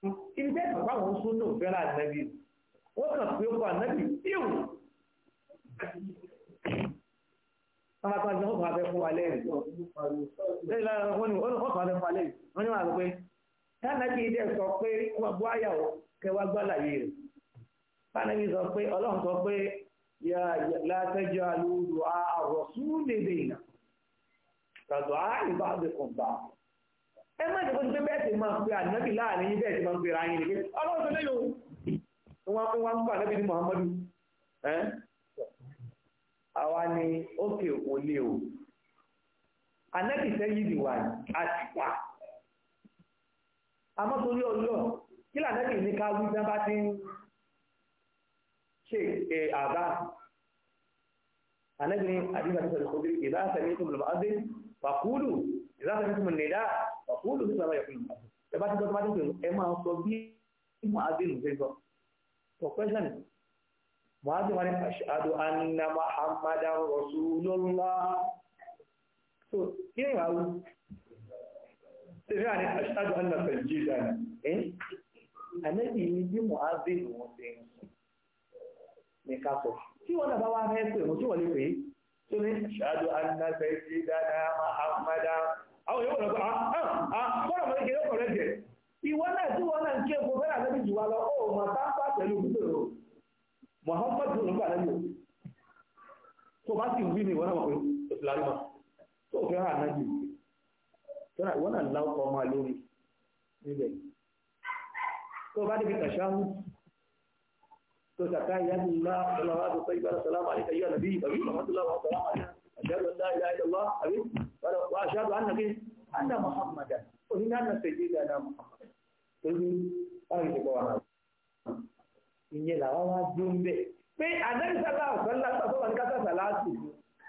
ní bàbá wọn sún náà fẹ́ràn ànábì wọ́n kàn pé ó kọ ànábì fíù fún lẹ́yìn wọn ni fún Bánàbí sọ pé ọlọ́run sọ pé látẹ́jọ́ alóòrò àrọ̀sún lédè ìnà. Tàbí á ìbá àbẹ̀kùn bá. Ẹ má jẹ́ fún pé bẹ́ẹ̀ ti máa pe ànábì láàrin yín bẹ́ẹ̀ ti máa pe ra yín nìké. Ọlọ́run sọ lẹ́yìn Wọ́n fún wa ń pa ànábì ní Muhammadu. Àwa ni ókè ò o. Ànábì sẹ́yìn ìdìwà àti pa. Àmọ́ torí ọlọ́ kí làǹdẹ́bì ní ká wí bá ti ń sheikh eh, azan annabi hadith hadith al-khudri idha sami'tum al-mu'adhdhin faqulu idha sami'tum an-nidaa faqulu mithla ma yaqulu al-mu'adhdhin ẹ bá ti gbọ́ tó bá ti gbẹ̀rù ẹ máa sọ bí mu'adhdhin ṣe sọ so question mu'adhdhin wa ni ashhadu anna muhammadan rasulullah so kí eh? ni wàá wù ṣe fẹ́ àní ashhadu anna sajjidan ẹ̀ ànábì ní bí mu'adhdhin wọ́n ṣe ń sọ ní tí wọ́n dàbá wá fẹ́ pè mú tí lè pè é tó ní mahamada àwọn ah, ah, ah, yóò mọ́ ìwọ náà tí náà ń ké epo fẹ́ràn jù wá lọ ó mà sáńpà pẹ̀lú gbúdọ̀ Muhammad ló ń gbà lẹ́bi tó bá sì wí ní ìwọ náà pé tó fẹ́ràn náà ìwọ náà ọmọ níbẹ̀ tó bá فزكاة يد الله صلوات الطيبة والسلام عليك أيها النبي أبي محمد الله والسلام عليك أشهد أن لا إله إلا الله أبي وأشهد أنك أن محمدا وهنا أن سيدنا محمد تلمي أهل بوانا ìyẹn làwọn wá dó ń bẹ pé àdẹ́rìsálà ọ̀sánlá tó wọn ká sàláàtì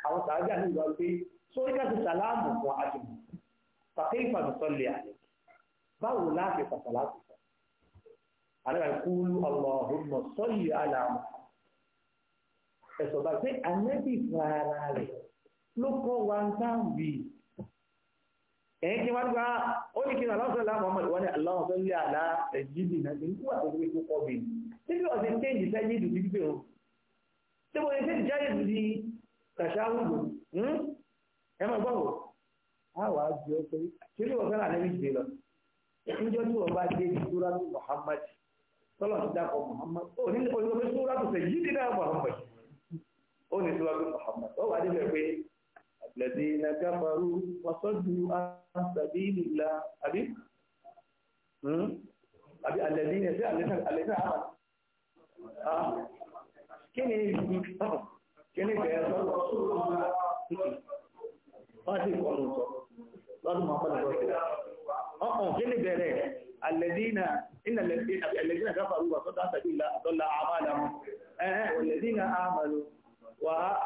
àwọn sàájà ní ìgbà pé sórí ká ti sàláàmù fún àjùmọ̀ pàkẹ́ ìfàdùsọ́lẹ̀ àlẹ́ báwo láti sàláàtì àlẹ́ àìkúlù Allahumma salli ala ẹ̀sọ̀ bá pé ànẹ́bì fún ara rẹ̀ ló kọ́ wa ń sáàbì ẹ̀yìn kí wọ́n gba ó ní kí ní aláwọ̀sọ́ láàmú ọmọdé wọ́n ní aláwọ̀sọ́ lé àlá ẹ̀jídì náà ní kú àtọ́jú tó kọ́ bẹ̀ níbi ọ̀sẹ̀ kéjì o tí mo ní sẹ́yìn jáde ìdù di ẹ máa gbọ́ a wà á jẹ́ pé kí ni wọ́n fẹ́ràn ànẹ́bì jù níjọ́ tí wọ́n bá dé ìdúrà Muhammad tọ́lọ̀ ti dákọ̀ Muhammad onílé sóra tó sẹ̀ yìí dídá Muhammad ó ní sóra tó Muhammad ó wà níbẹ̀ pé àgbẹ̀dẹ̀ iná gáfarú wàsọ́dù àṣàbí ìlà àbí hmm? àbí àlẹ́dí iná sí àlẹ́dí àwọn kí ni kí ni bẹ̀rẹ̀ sọ́dọ̀ wọ́n ti kọ̀ lọ́dún mọ́kànlá ọ̀hún kí ni bẹ̀rẹ̀ الذين إن الذين الذين كفروا وصدوا عن سبيل الله أضل أعمالهم والذين آمنوا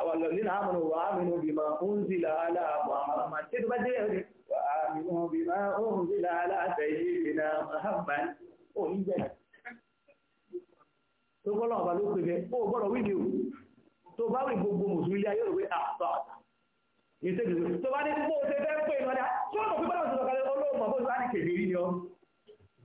والذين آمنوا وآمنوا بما أنزل على محمد وآمنوا بما أنزل على سيدنا محمد oníjẹ́ tó gbọ́lọ̀ ọ̀bà ló pèfẹ́ ó gbọ́rọ̀ wí ní o tó bá wí gbogbo mùsùlùmí ayé òwe àtọ́ àtà ìṣèjì tó bá ní pé ó ṣe fẹ́ pè lọ́dá tí ó mọ̀ pípẹ́ lọ́sọ̀rọ̀ kalẹ̀ olóòmọ̀ bó ṣe wá ní kèbèrè ni ọ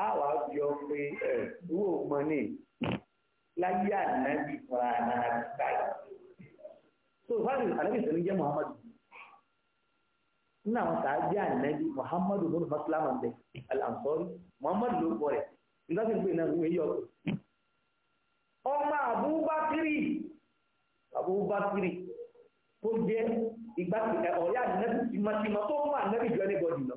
a wà yọ pé ẹ wò mọ ní láyé ànábì fúnra ànábì báyìí so fáwọn ànábì sọ ní jẹ muhammadu nínú àwọn sàájì ànábì muhammadu ló ń fa sílámù muhammadu ló kọ rẹ nígbà tó ń pè náà ọmọ abubakiri abubakiri tó jẹ ànábì tó ànábì jọ náà.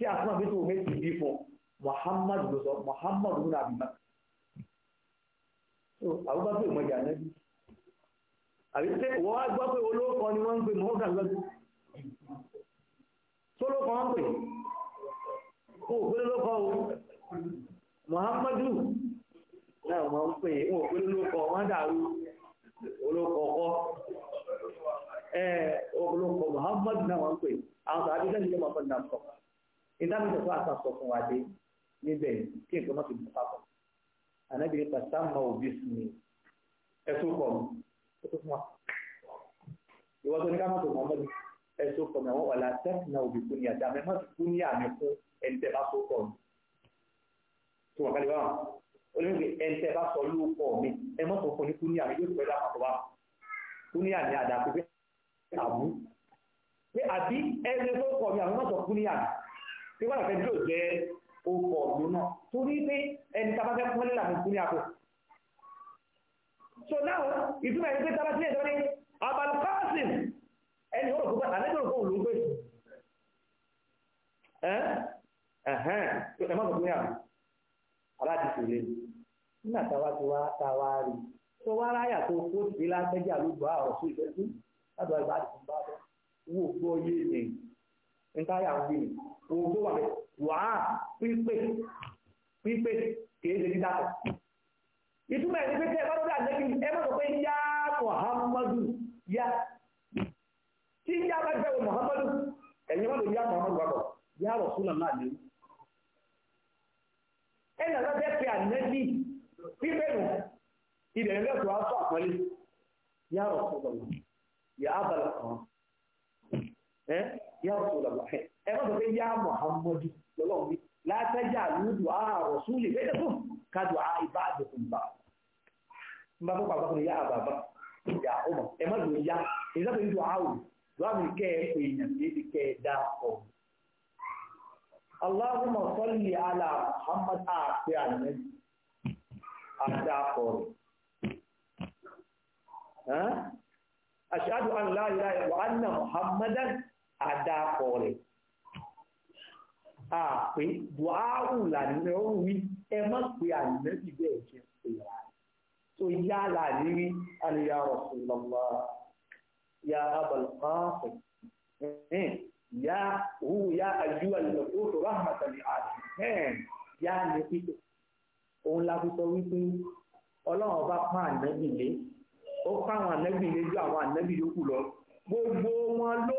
tí Asma bí tó o méjì bí fún Muhammad ló sọ Muhammad ló nàbí má so Abubakar ìmọ̀ ìjà náà bí àbí tẹ wọ́n á gbọ́ pé olóòkọ ni wọ́n ń pè mọ́ọ́kà lọ́dún sólókọ ń pè kó o pé lóko o Muhammadu náà wọ́n ń pè wọ́n pé lóko wọ́n dàrú olóko ọkọ ẹ̀ olóko Muhammadu náà wọ́n ń pè àwọn sàbí lẹ́yìn ló máa fọ́ nàkọ́ ìdáhùn tó àtà sọ fún wa dé níbẹ̀ kí nǹkan má fi bù papọ̀ ànábìrin pàṣẹ àmọ́ òbí sùn ní ẹ̀sùn kọ̀ mí ó tó fún wa ìwọ tó ní ká má tó mọ́ mọ́bi ẹ̀sùn kọ̀ mí àwọn wà láti ẹ̀sìn náà òbí kú ní àti àmì má ti kú ní àmì fún ẹni tẹ́ bá sọ́kọ̀ mi tó wà kálíbà wọn olóyìnbó bá sọ lóòkọ̀ mi ẹ mọ́ tó fún ní kú ní àmì yóò tí wọ́n àfẹ́ yóò jẹ́ ụkọ ọ̀gbìn náà torí pé ẹni tá a bá fẹ́ fún so now ìtumọ̀ ẹni pé tábà sílẹ̀ sọ́ni ẹni ó rò àlejò òun ló ń ẹ̀ má ní àpò lé nígbà táwa ti wá táwa rí tó wá tó kó sí ló gbọ́ àwọn wò ntáyà ń bìí ohun tó wà bẹ́ẹ̀ wàá pípé pípé kìí ṣe dídàpọ̀. ìtumọ̀ ẹni pé tẹ́ ẹ bá lọ́dọ̀ àjẹ́bí ẹ má sọ pé yá Muhammadu yá tí yá bá jẹ́ wọ Muhammadu ẹ̀yin má lọ yá Muhammadu wà bọ̀ yá Rasulullah náà lè. ẹ nà lọ́dọ̀ ẹ pé ànẹ́bí pípé nù ìbẹ̀rẹ̀ lẹ́kọ̀ọ́ aṣọ àpọ́nlé yá Rasulullah yá abala kan yá Rasulullah eh, ẹ má sọ pé yá Muhammadu lọ́lọ́run bí látẹ́jà lùdù àrọ̀ súlì bẹ́ẹ̀ fún kájú àìbá àdùkùn bá bá fún pàpà fún yá àbàbà yá ọmọ ẹ má lò yá ìsáfẹ́ ìdù àwò láàmì kẹ́ ẹ pé èèyàn kì í ti kẹ́ ẹ dá ọ. Allahumma salli ala Muhammad àpẹ àlẹ́ àdàpọ̀ rẹ̀. أشهد أن لا إله إلا أن محمدا àdàpọ̀ rẹ̀ àpé buhari lànà ó wí ẹ má pé ànábì bẹ́ẹ̀ jẹ́ pé wà tó yálà nírí àníyá Rasulullah ya Abul Qasim ya hu ya ayyuha al-maqut rahmatan ya ni pípé òun la fi sọ wípé ọlọ́run bá pa ànábì lé ó pa àwọn ànábì lé ju àwọn ànábì yòókù lọ gbogbo wọn ló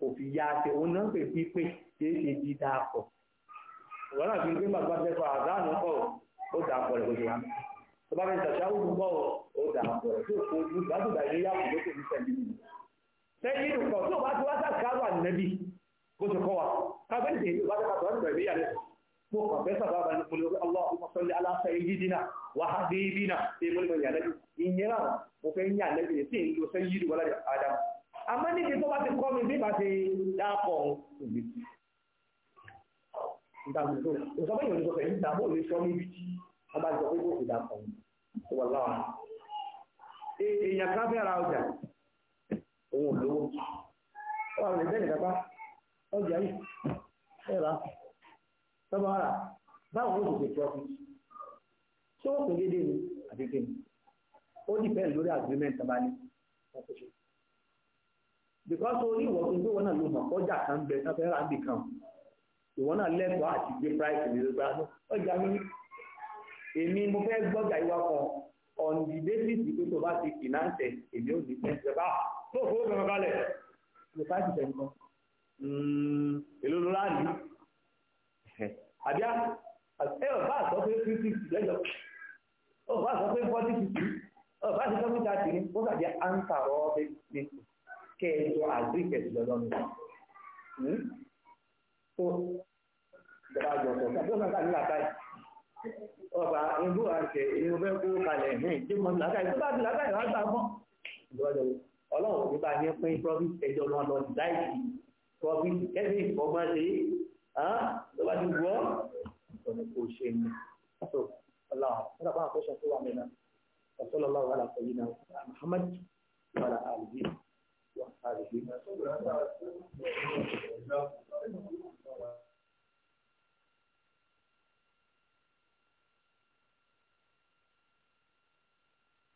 òfin ya ṣe òun náà pè pípé ṣe é ṣe di dàpọ̀ ìwọ́n náà fi gbé bàbá fẹ́ fọ àdánù pọ̀ ó dàpọ̀ rẹ̀ gbogbo wa tó bá fẹ́ ṣàṣà òun pọ̀ ó dàpọ̀ rẹ̀ tó kó ojú gbàdúgbà ilé yàgò lókè ní sẹ́yìn nìyí sẹ́yìn nìkan tó bá ti wá ba ànẹ́bí bó ṣe kọ́ wa kábẹ́ẹ̀ni ìgbà àmọ́ níbi tó bá ti kọ́ mi bí bá ti dáàpọ̀ òbí ìdàgbàsó ìsọfún ìyọ̀nù sọfẹ̀ ìdàbò lè sọ níbi tí wọ́n bá jọ pé kò ìdàpọ̀ tó wà láwà èèyàn kan fẹ́ ra ọjà òun olówó wọ́n lè bẹ́ẹ̀ nìkan bá ọjà yìí ẹ̀rá tọ́ba ara báwọn oṣù tó tọ́ ṣé wọ́n kò déédéé ni àti kéde ó dìpẹ́ lórí agreement tabali wọ́n kò ṣe because only ìwọ̀n tó ń gbé wọn náà ló mọ̀ kọjá kan bẹ tó fẹ́ rà bì kan ìwọ náà lẹ́tọ̀ọ́ àti gbé price ní gbogbo àná ọjà mi èmi mo fẹ́ gbọ́jà ìwà kan on the basis pé tó bá ti finance èmi ò ní fẹ́ ṣe bá tó fowó bẹ̀rẹ̀ balẹ̀ lè fà ṣiṣẹ́ nǹkan èlò ló láàyè àbí ẹ ọ̀ bá àsọ pé fifty lẹ́jọ́ ọ̀ bá àsọ pé forty fifty ọ̀ bá àsọ pé thirty ní wọ́n kàdé àǹkà rọ́ọ́ bẹ́ẹ̀ ní kẹjọ àgbẹ̀kẹ̀sì lọ́lọ́nu tó hmm? ìjọba àjọpọ̀ tàbí ọ̀nà tàbí làkàì ọba ìlú àṣẹ ìlú fẹ́ kó kalẹ̀ ìjọba hmm, làkàì tó bá ti làkàì wá gbà mọ́ ọlọ́run kò bá ní pín profit ẹjọ́ lọ́n lọ dáìsì profit kẹ́sì ìfọ̀mọ́ ṣe tó bá ti wọ́ ọ̀nà kò ṣe ní ọlọ́run nígbà bá àkóṣe tó wà mẹ́ta ọ̀sọ́lọ́lọ́wọ́ alákọ̀ọ́yìn náà Muhammad wàlá àlùbí 哎，你看，虽然在，也是人生。